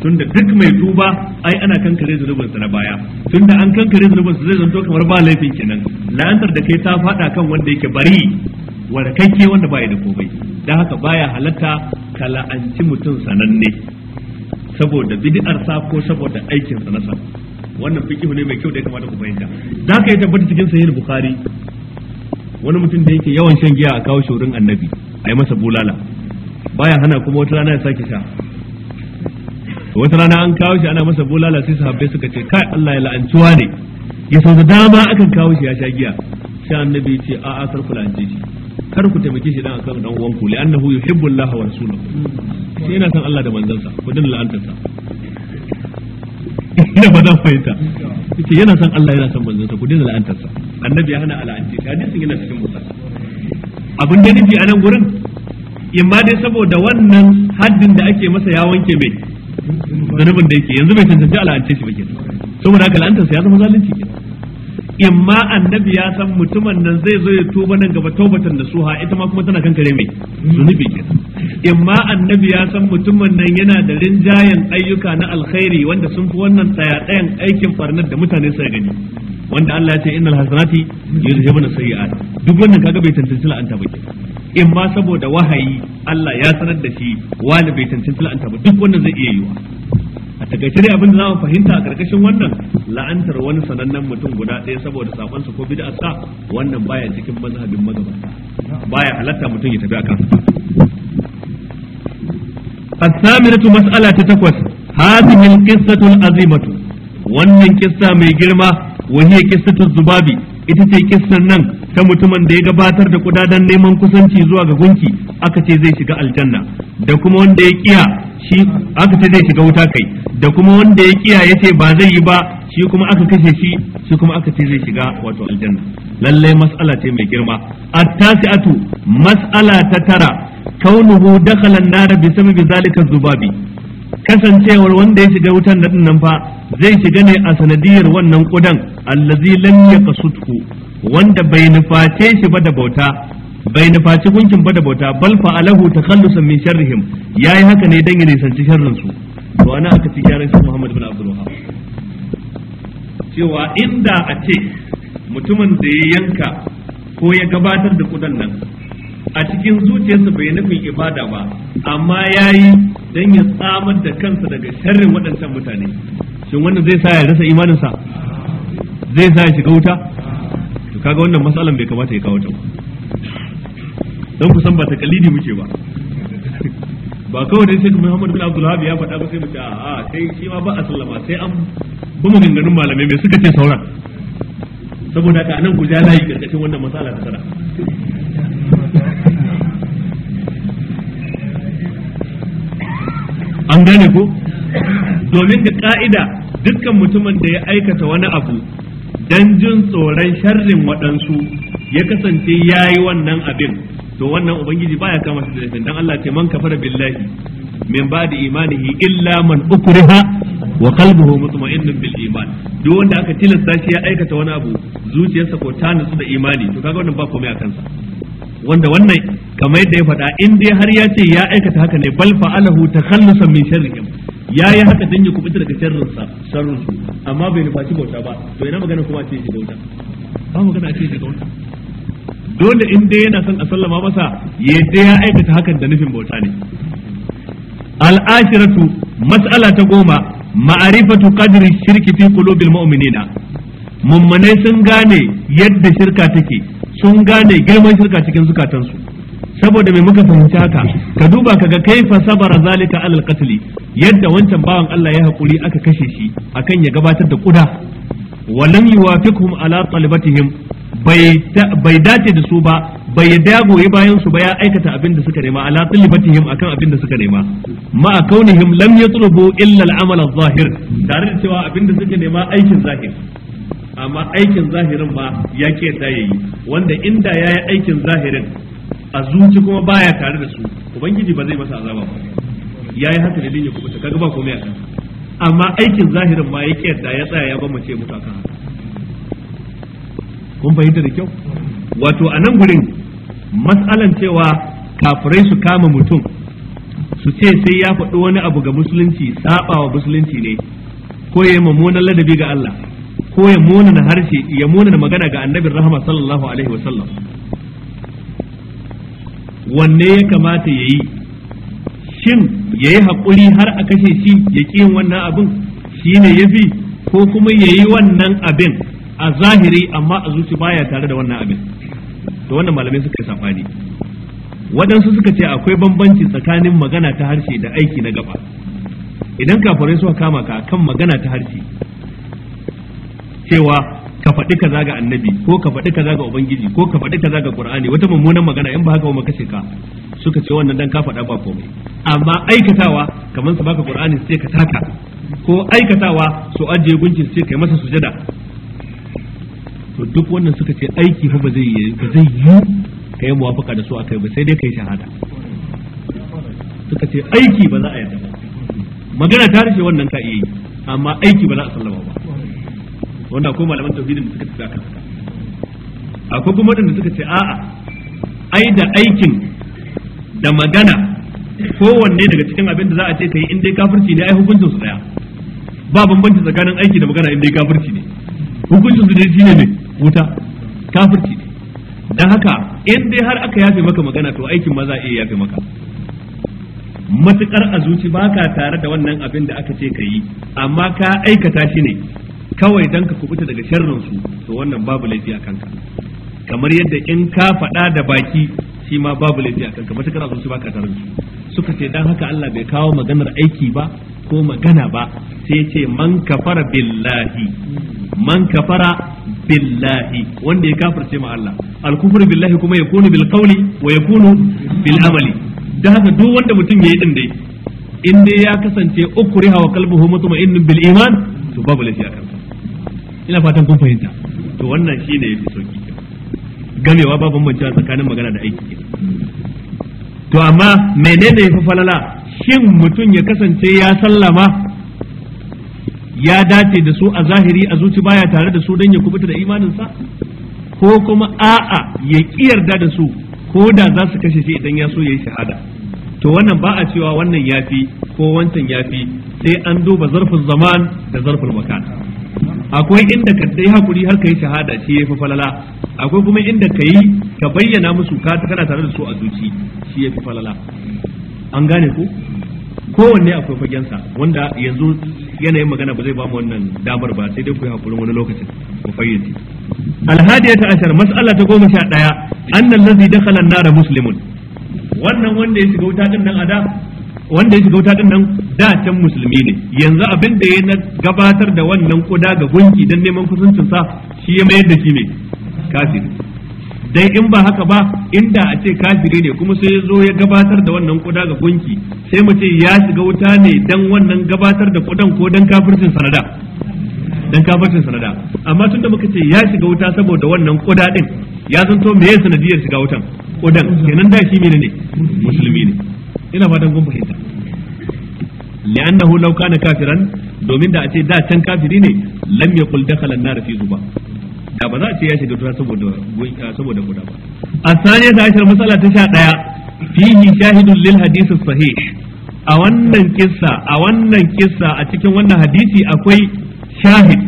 tunda duk mai tuba ai ana kankare zunubinsa na baya tunda an kankare zunubinsa zai zanto kamar ba laifin kenan la'antar da kai ta fada kan wanda yake bari warkakke wanda baya da komai dan haka baya halatta ka la'anci mutum sananne saboda bid'ar sa ko saboda aikin sanasa wannan fiqh ne mai kyau da ya kamata ku fahimta da haka ya tabbata cikin sahih bukhari wani mutum da yake yawan shan giya a kawo shi wurin annabi a yi masa bulala baya hana kuma wata rana ya sake sha wata rana an kawo shi ana masa bulala sai sahabbai suka ce kai Allah ya la'antuwa ne ya sau dama akan kawo shi ya sha giya sai annabi ce "A'a, a kar ku shi kar ku taimake shi dan akan dan uwanku li'annahu yuhibbu Allah wa rasuluhu sai yana san Allah da sa ku dinga la'antarsa ina ba za fahimta yace yana san Allah yana manzon sa ku dinga la'antarsa annabi ya hana ala'anci hadisin yana cikin musa abin da nake a nan gurin imma dai saboda wannan haddin da ake masa ya wanke mai zanubin da yake yanzu bai cancanci ala'ance shi ba kenan saboda haka la'antarsa ya zama zalunci kenan in ma annabi ya san mutumin nan zai zo ya tuba nan gaba taubatan da suha ita ma kuma tana kankare mai zunubi kenan in ma annabi ya san mutumin nan yana da rinjayen ayyuka na alkhairi wanda sun fi wannan tsaya-tsayan aikin barnar da mutane sai gani wanda Allah ya ce innal hasanati yuzhibuna sayi'at duk wannan kaga bai tantance la'anta ba in ma saboda wahayi Allah ya sanar da shi wani bai tantance la'anta ba duk wannan zai iya yiwa takaice dai abin da zamu fahimta a karkashin wannan la'antar wani sanannen mutum guda ɗaya saboda sakon sa ko bid'a sa wannan baya cikin mazhabin magabata baya halatta mutum ya tafi akan sa الثامنة مسألة takwas هذه القصة azimatu, wannan kissa mai girma wani kissatu zubabi ita ce kissan nan ta mutumin da ya gabatar da kudaden neman kusanci zuwa ga gunki aka ce zai shiga aljanna da kuma wanda ya kiya shi aka ce zai shiga wuta kai da kuma wanda ya kiya ya ce ba zai yi ba shi kuma aka kashe shi shi kuma aka ce zai shiga wato aljanna lallai mas'ala ce mai girma at-tasi'atu mas'ala ta tara kaunuhu dakhala an-nar bi sababi zalika zubabi kasancewar wanda ya shiga wutan da nan fa zai shiga ne a sanadiyar wannan kudan allazi lam yaqsudhu wanda bai nuface shi ba da bauta bai nufaci gunkin ba da bauta bal fa alahu takhallusan min sharrihim yayi haka ne dan ya nisanci sharrin su to ana aka ci gyaran shi Muhammad bin Abdul Wahhab cewa inda a ce mutumin da ya yanka ko ya gabatar da kudan nan a cikin zuciyarsa bai nufin ibada ba amma ya yi don ya tsamar da kansa daga sharrin waɗancan mutane shin wannan zai sa ya rasa imaninsa zai sa ya shiga wuta to kaga wannan matsalan bai kamata ya kawo ta don kusan ba takalidi muke ba ba kawai dai sai Muhammadu bin Abdul ya faɗa ba sai mu ce a sai shi ma ba a sallama sai an bi maganganun malamai mai suka ce sauran saboda ka nan ku ja layi karkashin wannan matsala ta tara an gane ko domin da ka'ida dukkan mutumin da ya aikata wani abu dan jin tsoron sharrin waɗansu ya kasance ya yi wannan abin to wannan ubangiji baya kama shi da laifin dan Allah ce man kafara billahi min da imanihi illa man ukriha wa qalbuhu mutma'innun bil iman duk wanda aka tilasta shi ya aikata wani abu zuciyarsa ko ta nutsu da imani to kaga wannan ba komai a kansa wanda wannan kamar yadda ya faɗa in dai har ya ce ya aikata haka ne bal fa'alahu takhallusan min sharrihim ya yi haka dan ya kubuta daga sharrinsa sharrinsu amma bai nufaci bauta ba to ina magana kuma a ce shi bauta ba magana a ce shi bauta dole in dai yana son a sallama masa yadda ya aikata hakan da nufin bauta ne al'ashiratu mas'ala ta goma ma'arifatu qadri shirki fi qulubil mu'minina mummunai sun gane yadda shirka take sun gane girman shirka cikin zukatansu saboda mai muka fahimci haka ka duba kaga kaifa sabara zalika alal qatli yadda wancan bawan Allah ya hakuri aka kashe shi akan ya gabatar da kuda walam yuwafiqhum ala talibatihim bai dace da su ba bai yadda ya goyi bayan su ba ya aikata abin da suka nema ala tilibatihim akan abin da suka nema ma a kaunihim lam yatlubu illa al-amal zahir tare da cewa abin da suka nema aikin zahir amma aikin zahirin ba ya ke ya yi wanda inda ya yi aikin zahirin a zuci kuma baya tare da su ubangiji ba zai masa azaba ba ya yi haka da ya kubuta kaga ba komai a kan amma aikin zahirin ma ya ke da ya tsaya ya ba mace mutakan haka kun fahimta da kyau wato a nan gurin matsalan cewa kafirai su kama mutum su ce sai ya faɗi wani abu ga musulunci saɓawa musulunci ne ko ya yi mummunan ladabi ga Allah ko ya munana harshe ya munana magana ga annabin rahama sallallahu alaihi wasallam wanne ya kamata ya yi shin ya yi haƙuri har a kashe shi ya ƙi yin wannan abin shi ne ya fi ko kuma ya yi wannan abin a zahiri amma a zuci baya tare da wannan abin to wannan malamai suka yi safani waɗansu suka ce akwai bambanci tsakanin magana ta harshe da aiki na gaba idan kafirai suka kama ka kan magana ta harshe cewa ka faɗi kaza ga annabi ko ka faɗi kaza ga ubangiji ko ka faɗi kaza ga qur'ani wata mummunan magana in ba haka ba makace ka suka ce wannan dan ka faɗa ba komai amma aikatawa kamar su baka qur'ani sai ka taka ko aikatawa su ajiye gunkin sai kai masa sujada to duk wannan suka ce aiki fa ba zai yi ba zai yi ka yi muwafaka da su akai ba sai dai ka yi shahada suka ce aiki ba za a yarda magana ta rufe wannan ka iya yi amma aiki ba za a sallama ba wanda akwai malaman tauhidin da suka ce kan akwai kuma wanda suka ce a'a ai da aikin da magana kowanne daga cikin abin da za a ce kai in dai kafirci ne ai hukuncin su daya ba bambanci tsakanin aiki da magana in dai kafirci ne hukuncin su dai shine ne wuta kafirci dan haka in dai har aka yafe maka magana to aikin ma za a iya yafe maka matukar a zuci baka tare da wannan abin da aka ce ka yi amma ka aikata shi ne kawai dan ka kubuta daga sharrin su to wannan babu laifi a kanka kamar yadda in ka faɗa da baki shi ma babu laifi a kanka matukar a zuci baka tare da su suka ce dan haka Allah bai kawo maganar aiki ba ko magana ba sai ce man kafara billahi man kafara billahi wanda ya kafirce ma Allah al-kufru billahi kuma kunu bil qawli wa yakunu bil amali da haka duk wanda mutum yayi din dai in dai ya kasance ukriha wa qalbuhu mutma'innun bil iman to babu lafiya kansa ina fatan kun fahimta to wannan shine yafi sauki gamewa babu bambanci tsakanin magana da aiki to amma menene yafi falala shin mutum ya kasance ya sallama ya dace da su a zahiri a zuci baya tare da su don ya kubuta da imaninsa ko kuma a'a ya yarda da su ko da za su kashe shi idan ya so ya yi shahada to wannan ba a cewa wannan ya fi ko wancan ya fi sai an duba zarfin zaman da zarfin makan akwai inda ka dai hakuri har yi shahada shi ya fi falala akwai kuma inda ka yi ka bayyana musu ka kana tare da su a zuci shi ya fi falala an gane ku kowanne akwai fagensa wanda yanzu yanayin magana ba zai ba mu wannan damar ba sai dai ku yi wani lokacin ku fayyace alhadiya ta ashar mas'ala ta goma sha daya annan lazi dakhala an-nar muslimun wannan wanda ya shiga wuta din nan ada wanda ya shiga wuta din nan da can musulmi ne yanzu abin da ya gabatar da wannan kuda ga gunki dan neman kusancin sa shi ya mayar da shi ne kafiri dai in ba haka ba inda a ce kafiri ne kuma sai zo ya gabatar da wannan kuda ga gunki sai mu ce ya shiga wuta ne dan wannan gabatar da kudan ko dan kafircin sanada dan kafircin sanada amma tunda muka ce ya shiga wuta saboda wannan kuda din ya zanto me sanadiyar shiga wutan kudan kenan da shi menene musulmi ne ina fatan kun fahimta li'annahu law kana kafiran domin da a ce da can kafiri ne lam yaqul dakhala an-nar fi zuba da ba za a ce ya shiga tura saboda saboda guda ba asaniya ta ashar matsala ta sha daya fihi shahidun lil hadisi sahih a wannan kissa a wannan kissa a cikin wannan hadisi akwai shahid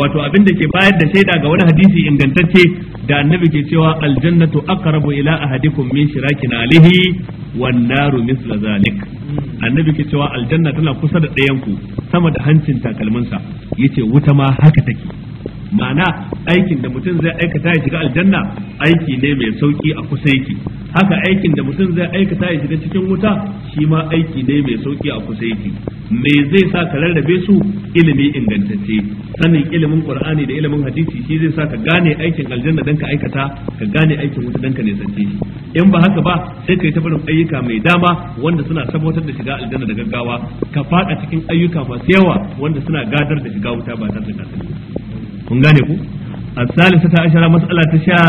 wato abin da ke bayar da shaida ga wani hadisi ingantacce da annabi ke cewa aljannatu aqrabu ila ahadikum min shirakin alihi wan naru misla zalik annabi ke cewa aljanna tana kusa da ɗayanku sama da hancin takalminsa yace wuta ma haka take ma'ana aikin da mutum zai aikata ya shiga aljanna aiki ne mai sauki a kusa yake haka aikin da mutum zai aikata ya shiga cikin wuta shi ma aiki ne mai sauki a kusa yake me zai sa ka rarrabe su ilimi ingantacce sanin ilimin qur'ani da ilimin hadisi shi zai sa ka gane aikin aljanna dan ka aikata ka gane aikin wuta dan ka nisance shi in ba haka ba sai kai ta barin ayyuka mai dama wanda suna sabotar da shiga aljanna da gaggawa ka faɗa cikin ayyuka masu yawa wanda suna gadar da shiga wuta ba tare da kasance kun gane ku الثالثة عشرة مسألة تشاء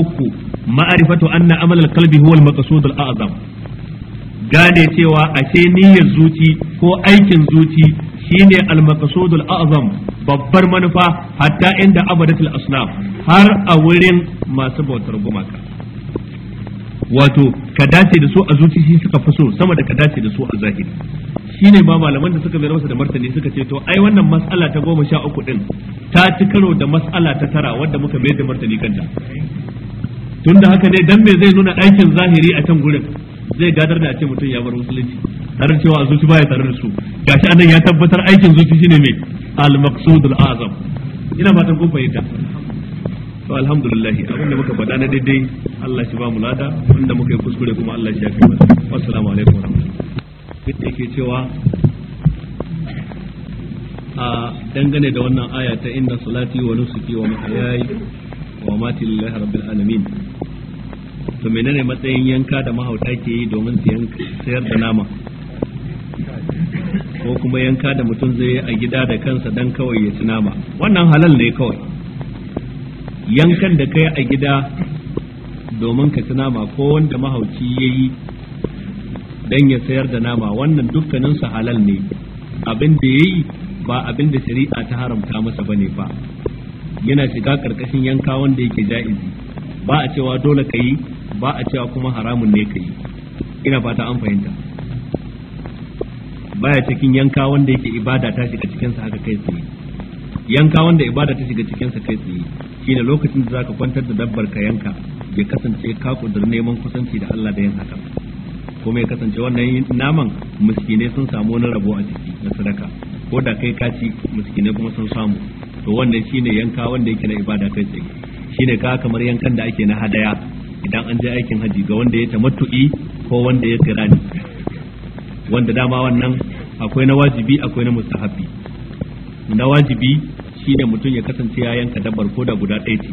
أكو معرفة أن عمل القلب هو المقصود الأعظم gane cewa ashe niyyar zuci ko aikin zuci shine al-maqsudul a'zam babbar manufa hatta inda abadatul asnaf har a wurin masu bautar gumaka wato ka dace da su a zuci shi suka fi so sama da ka dace da su a zahiri ne ba malaman da suka zira masa da martani suka ce to ai wannan matsala ta goma sha uku din ta ci karo da mas'ala ta tara wadda muka mayar da martani kanta tun da haka ne dan me zai nuna aikin zahiri a can gurin zai gadar da a ce mutum ya bar musulunci tare cewa a zuci baya tare da su gashi anan ya tabbatar aikin zuci shine mai al maqsud azam ina fatan kun fahimta to alhamdulillah abin da muka faɗa na daidai Allah shi ba mu lada wanda muka yi kuskure kuma Allah shi ya kai mana assalamu alaikum duk da yake cewa a dangane da wannan aya ta inna salati wa nusuki wa mahyayi wa mati lillahi rabbil alamin to menene matsayin yanka da mahauta ke yi domin sayar da nama ko kuma yanka da mutum zai a gida da kansa dan kawai ya ci nama wannan halal ne kawai yankan da kai a gida domin ka ci nama ko wanda mahauci ya yi dan ya sayar da nama wannan dukkanin sa halal ne abin da yayi ba abin da shari'a ta haramta masa bane ba yana shiga karkashin yanka wanda yake ja'izi ba a cewa dole kai ba a cewa kuma haramun ne kai ina fata an fahimta baya cikin yanka wanda yake ibada ta shiga cikin sa haka kai tsaye yanka wanda ibada ta shiga cikin sa kai tsaye shine lokacin da zaka kwantar da dabbar ka yanka ya kasance ka kudur neman kusanci da Allah da yin haka kuma ya kasance wannan naman miskinai sun samu wani rabo a ciki na sadaka ko da kai ka ci miskinai kuma sun samu to wannan shine yanka wanda yake na ibada kai tsaye shine ka kamar yankan da ake na hadaya idan an je aikin haji ga wanda ya tamattu'i ko wanda ya kirani wanda dama wannan akwai na wajibi akwai na mustahabi na wajibi shine mutum ya kasance ya yanka dabbar ko da guda ɗaya ce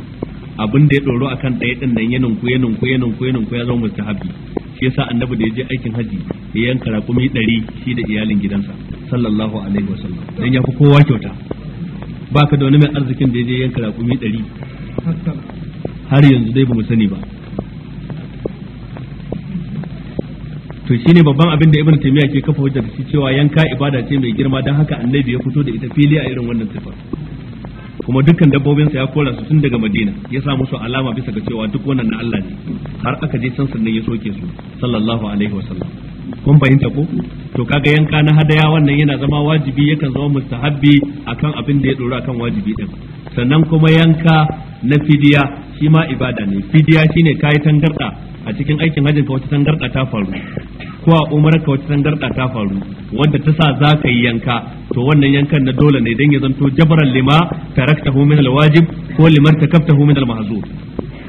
abin da ya ɗoro akan ɗaya ɗin nan ya ninku ya ninku ya ninku ya ninku ya zama mustahabi shi yasa annabi da ya je aikin haji ya yanka raƙumi ɗari shi da iyalin gidansa sallallahu alaihi wasallam dan ya fi kowa kyauta baka da wani mai arzikin da ya je yanka raƙumi ɗari har yanzu dai ba mu sani ba to shine babban abin da ibn taymiya ke kafa hujjar shi cewa yanka ibada ce mai girma don haka annabi ya fito da ita fili a irin wannan sifar kuma dukkan dabbobinsa ya kora su tun daga madina ya sa musu alama bisa ga cewa duk wannan na Allah ne har aka je can sannan ya soke su sallallahu alaihi wasallam kun fahimta ko to kaga yanka na hadaya wannan yana zama wajibi yakan zama mustahabbi akan abin da ya dora akan wajibi din sannan kuma yanka na fidiya shi ma ibada ne fidiya shine kayi tangarda a cikin aikin hajjin ka wata tangarda ta faru ko a umarar ka wata tangarda ta faru wanda ta sa za ka yi yanka to wannan yankan na dole ne dan ya zanto jabaran lima hu min alwajib ko ta liman hu min almahzur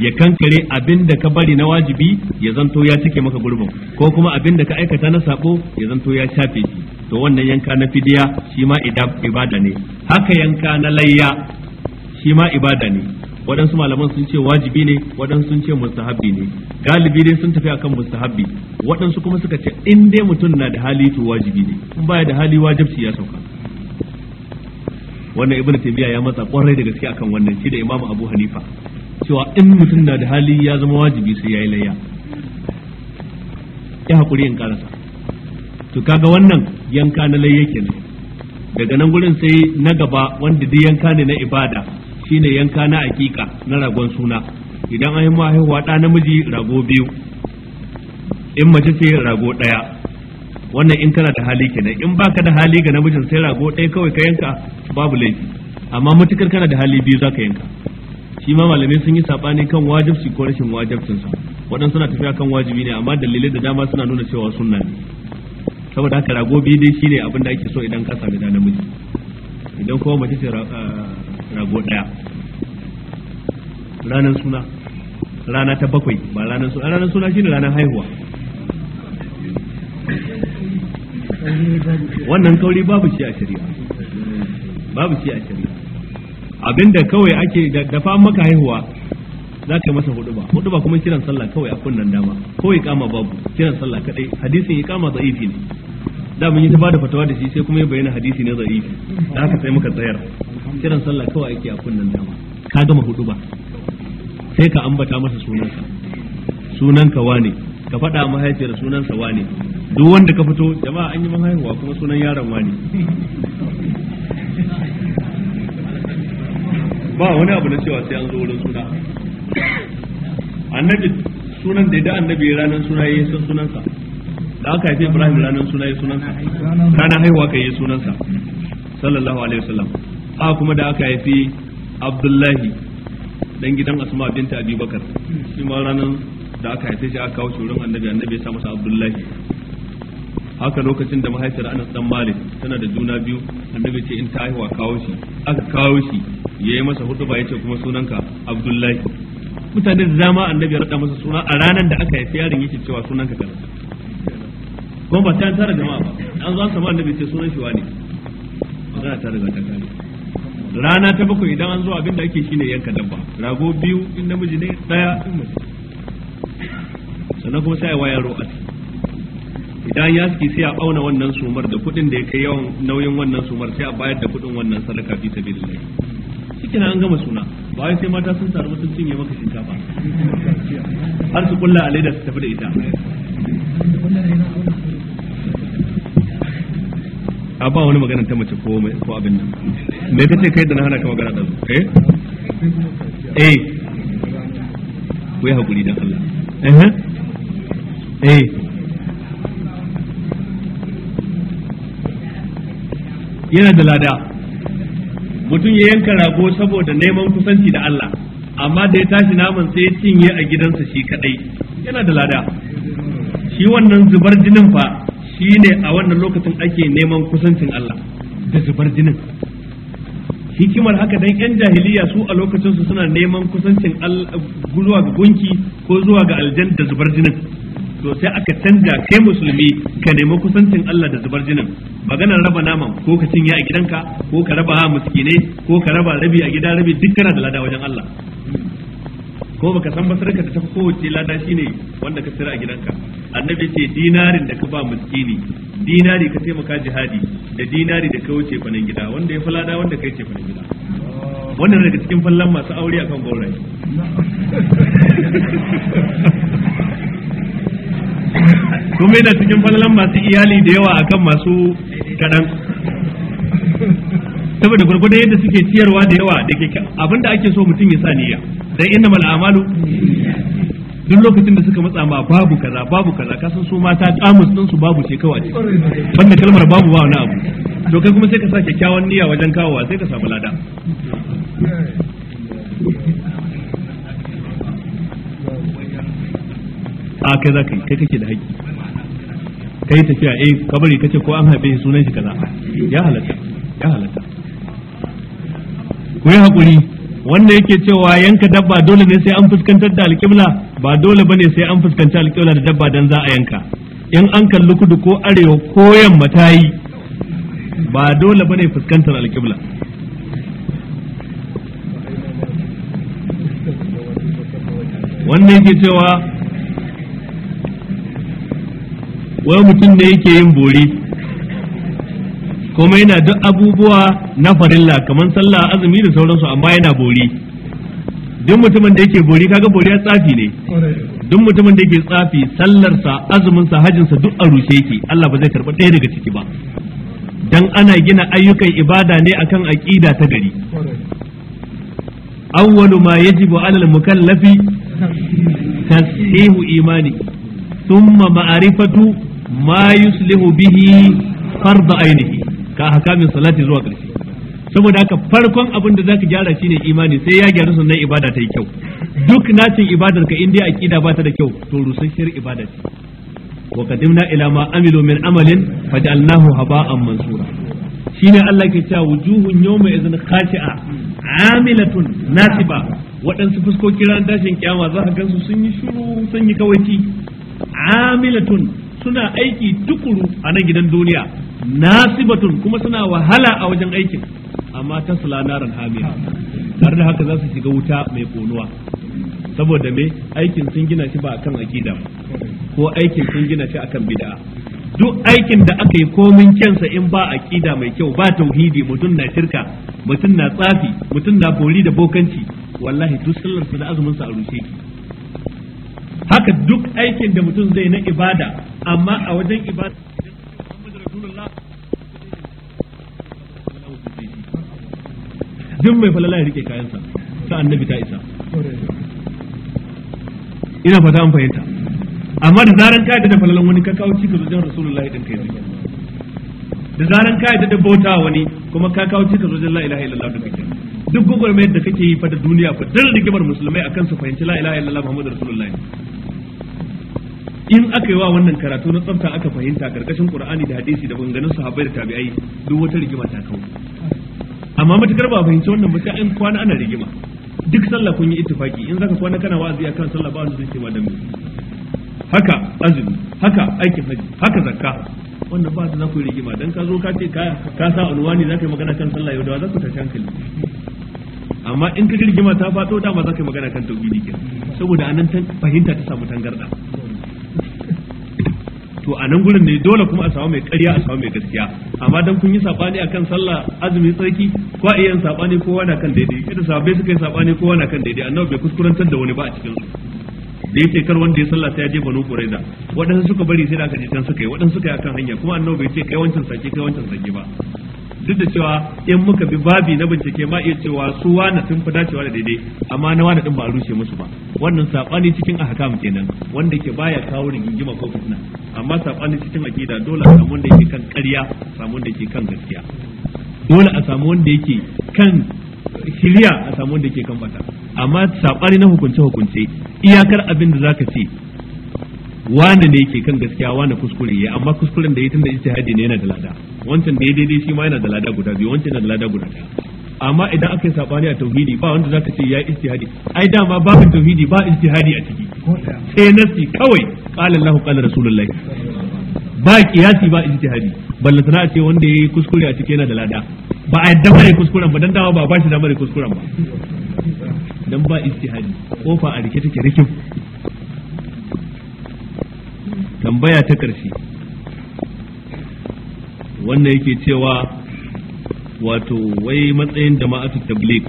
ya kankare abin da ka bari na wajibi ya zanto ya cike maka gurbin ko kuma abin da ka aikata na saɓo, ya zanto ya shafe shi to wannan yanka na fidiya shi ma ibada ne haka yanka na layya shi ma ibada ne waɗansu malaman sun ce wajibi ne waɗansu sun ce mustahabbi ne galibi dai sun tafi akan mustahabbi waɗansu kuma suka ce in dai mutum na da hali to wajibi ne in baya da hali wajibci ya sauka wannan ibnu taymiya ya matsa kwarai da gaske akan wannan shi da imamu abu hanifa cewa in mutum na da hali ya zama wajibi sai yayi layya ya hakuri in karasa to kaga wannan yanka na layya kenan daga nan gurin sai na gaba wanda duk yanka ne na ibada shine yanka na aƙiƙa na ragon suna idan an yi haihuwa ɗa namiji rago biyu in mace ce rago ɗaya wannan in kana da hali kenan in baka da hali ga namijin sai rago ɗaya kawai ka yanka babu laifi amma matukar kana da hali biyu zaka yanka shi ma malamai sun yi sabani kan wajibci ko rashin sa waɗansu suna tafiya kan wajibi ne amma dalilai da dama suna nuna cewa sunna ne saboda haka rago biyu dai shine abin da ake so idan ka sami da namiji idan kuma mace ce ah, rago daya ranar suna rana ta bakwai ba ranar suna ranar suna shine ranar haihuwa wannan kauri babu shi a shari'a babu shi a shari'a abinda kawai ake dafa maka haihuwa za ka yi masa hudu ba kuma kiran sallah kawai a kunnan dama kawai kama babu kiran sallah kadai hadisin ya kama da'ifi ne da mun yi ta bada fatawa da shi sai kuma ya bayyana hadisi ne zai da aka sai muka tsayar kiran sallah kawai ake a kunnan dama ka gama hudu ba sai ka ambata masa sunansa sunanka wane ka faɗa mahaifiyar sunansa wane duk wanda ka fito jama'a an yi haihuwa kuma sunan yaron wane ba wani abu na cewa sai an zo wurin suna annabi sunan da da annabi ranar suna yayin san sunansa da aka haifi ibrahim ranar suna ya sunansa ranar haihuwa kai ya sunansa sallallahu alaihi wasallam a kuma da aka haifi abdullahi dan gidan asma binta abi bakar shi ma ranar da aka haife shi aka kawo shurin annabi annabi ya sa masa abdullahi haka lokacin da mahaifiyar anas dan malik tana da juna biyu annabi ce in ta haihuwa kawo shi aka kawo shi yayi masa hutuba yace kuma sunanka abdullahi mutane da dama annabi ya rada masa suna a ranar da aka haifi yaron yake cewa sunanka kaza ko ba ta tara jama'a ba an zo sama annabi ce sunan shi wani magana ta riga ta kare rana ta bakwai idan an zo abinda ake shine yanka dabba rago biyu in namiji ne daya in mace sannan kuma sai a waya idan ya suke sai a auna wannan sumar da kuɗin da ya kai yawan nauyin wannan sumar sai a bayar da kuɗin wannan sadaka fi sabilillah cikin an gama suna ba sai mata sun taru sun cinye maka shinkafa har su kulla a da su tafi da ita a ba wani magana ta mace ko mai ko abin nan me kace kai da na hana ka magana da eh eh ku yi hakuri Allah eh eh yana da lada mutum ya yanka rago saboda neman kusanci da Allah amma da ya tashi naman sai ya cinye a gidansa shi kadai yana da lada shi wannan zubar jinin fa Shi ne a wannan lokacin ake neman kusancin Allah da zubar jinin hikimar haka dan yan jahiliya su a lokacin su suna neman kusancin zuwa ga gunki ko zuwa ga Aljan da zubar jinin to sai aka canja kai musulmi ka nemi kusancin Allah da zubar jinin maganar raba naman ko ka cinye a gidanka ko ka raba ha muskine ko ka raba rabi a gida rabi duk kana da lada wajen Allah ko baka san basarka da ta kowace lada shine wanda ka tsira a gidanka annabi ce dinarin da ka ba miskini dinari ka taimaka jihadi da dinari da ka wuce fanin gida wanda ya falada wanda kai ce fanin gida wannan daga cikin fallon masu aure akan gauraye kuma yana cikin fallon masu iyali da yawa akan masu kaɗan saboda gurgurda yadda suke ciyarwa da yawa da ke abinda ake so mutum ya sa niyya dan innamal mal'amalu duk lokacin da suka matsa ma babu kaza babu kaza ka san su mata kamus din su babu ce kawai ce banda kalmar babu ba wani abu to kai kuma sai ka sa kyakkyawan niyya wajen kawowa sai ka samu lada a kai za ka yi kai kake da haƙƙi kai tafiya eh kabari kace ko an haife sunan shi kaza ya halatta ya halatta ku yi haƙuri wanda yake cewa yanka dabba dole ne sai an fuskantar da alƙibla ba dole bane sai an fuskanci alƙibla da dabba dan za a yanka in an kalli kudu ko arewa ko yamma ta yi ba dole bane fuskantar alƙibla wannan yake cewa wai mutum ne yake yin bori kuma yana duk abubuwa na farilla kamar sallah azumi da sauransu amma yana bori duk mutumin da yake bori kaga bori ya tsafi ne duk mutumin da yake tsafi sallarsa azuminsa hajinsa duk a rushe yake Allah ba zai karba ɗaya daga ciki ba dan ana gina ayyukan ibada ne akan aqida ta gari awwalu ma yajibu alal mukallafi tasihu imani thumma ma'rifatu ma yuslihu bihi farda ainihi ka hakamin salati zuwa ƙarshe saboda haka farkon abin da zaka gyara shine imani sai ya gyara sannan ibada ta yi kyau duk nacin ibadar ka in dai aqida ba ta da kyau to rusasshiyar ibada ce wa qadimna ila ma amilu min amalin faj'alnahu haba'an mansura shine Allah ke cewa wujuhun yawma idhin khashi'a amilatun nasiba waɗansu fuskokin ran tashin kiyama za ka gansu sun yi shuru sun yi kawaici amilatun suna aiki tukuru a nan gidan duniya nasibatun kuma suna wahala a wajen aikin amma sula naran hamiya tare da haka za su shiga wuta mai konuwa saboda me aikin sun gina shi ba akan akida ko aikin sun gina shi akan bida'a. duk aikin da aka yi komin kyansa in ba akida mai kyau ba tauhidi mutum na shirka mutum na tsafi mutum na bori da bokanci wallahi duk sallarsa da azumin sa a rushe ki haka duk aikin da mutum zai na ibada amma a wajen ibada rasulullah duk mai falala ya rike kayansa ta annabi ta isa ina fata an fahimta amma da zaran ka da falalan wani ka kawo cikin zujen rasulullah idan kai zuwa da zaran ka da bauta wani kuma ka kawo cikin zujen la ilaha illallah da kake duk gugurmayar da kake yi fa da duniya fa dan rigimar musulmai akan su fahimci la ilaha illallah Muhammadu rasulullah in aka yi wa wannan karatu na tsafta aka fahimta karkashin qur'ani da hadisi da banganin sahabbai da tabi'ai duk wata rigima ta kawo amma matukar ba fahimci wannan ba sai an kwana ana rigima duk sallah kun yi ittifaki in zaka kwana kana wa'azi akan sallah ba wanda zai ce ma dan haka azumi haka aikin haji haka zakka wannan ba za ku yi rigima dan ka zo ka ce ka sa unwani za ka yi magana kan sallah yau da za ku tashi hankali amma in ka rigima ta fato dama za ka yi magana kan tauhidi kenan saboda anan fahimta ta samu tangarda to a nan gurin ne dole kuma a samu mai ƙarya a samu mai gaskiya amma dan kun yi sabani akan sallah azumi tsarki ko a iya sabani kowa na kan daidai kada sahabbai suka yi sabani kowa na kan daidai annabi bai kuskurantar da wani ba a cikin da yake kar wanda ya sallah sai ya je banu quraiza waɗansu suka bari sai da aka je can suka yi waɗansu suka yi akan hanya kuma annabi bai ce kai wancan sake kai wancan sake ba duk da cewa in muka bi babi na bincike ma iya cewa su wani sun fi dacewa da daidai amma na wani din ba a rushe musu ba wannan saɓani cikin a ahkam kenan wanda ke baya kawo rigingima ko fitina amma saɓani cikin akida dole a samu wanda yake kan ƙarya samu wanda yake kan gaskiya dole a samu wanda yake kan shirya a samu wanda yake kan bata amma saɓani na hukunce hukunce iyakar abin da zaka ce Wanda ne yake kan gaskiya wani kuskure ya amma kuskuren da ya tunda ijtihadi ne yana da lada wancan da ya daidai shi ma yana da lada guda biyu wancan yana da lada guda daya amma idan aka yi sabani a tauhidi ba wanda zaka ce ya ijtihadi ai dama babin tauhidi ba ijtihadi a ciki sai nasi kawai qala Allah qala rasulullahi ba kiyasi ba ijtihadi balla sana'a ce wanda yayi kuskure a ciki yana da lada ba a yadda bare kuskuren ba dan dama ba bashi da bare kuskuren ba dan ba ijtihadi kofa a rike take rikin tambaya ta ƙarshe wannan yake cewa wato wai matsayin jama'atu tabligh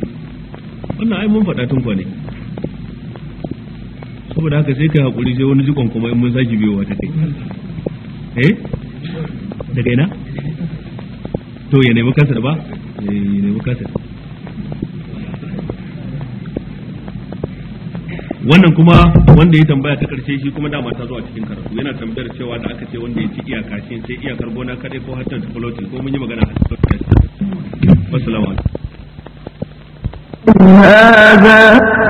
wannan ai mun faɗa tun ne, saboda haka sai kai hakuri sai wani jikon kuma in mun sake biyowa ta kai eh daga ina to ya nemi kasar ba eh, ya nemi kasar wannan kuma wanda ya tambaya ta karshe shi kuma dama ta zo a cikin karatu yana tambayar cewa da aka ce wanda ya ci iyaka shi sai iyakar gona kaɗai ko hatta ta kulotin ko mun yi magana a cikin wassalamu lawa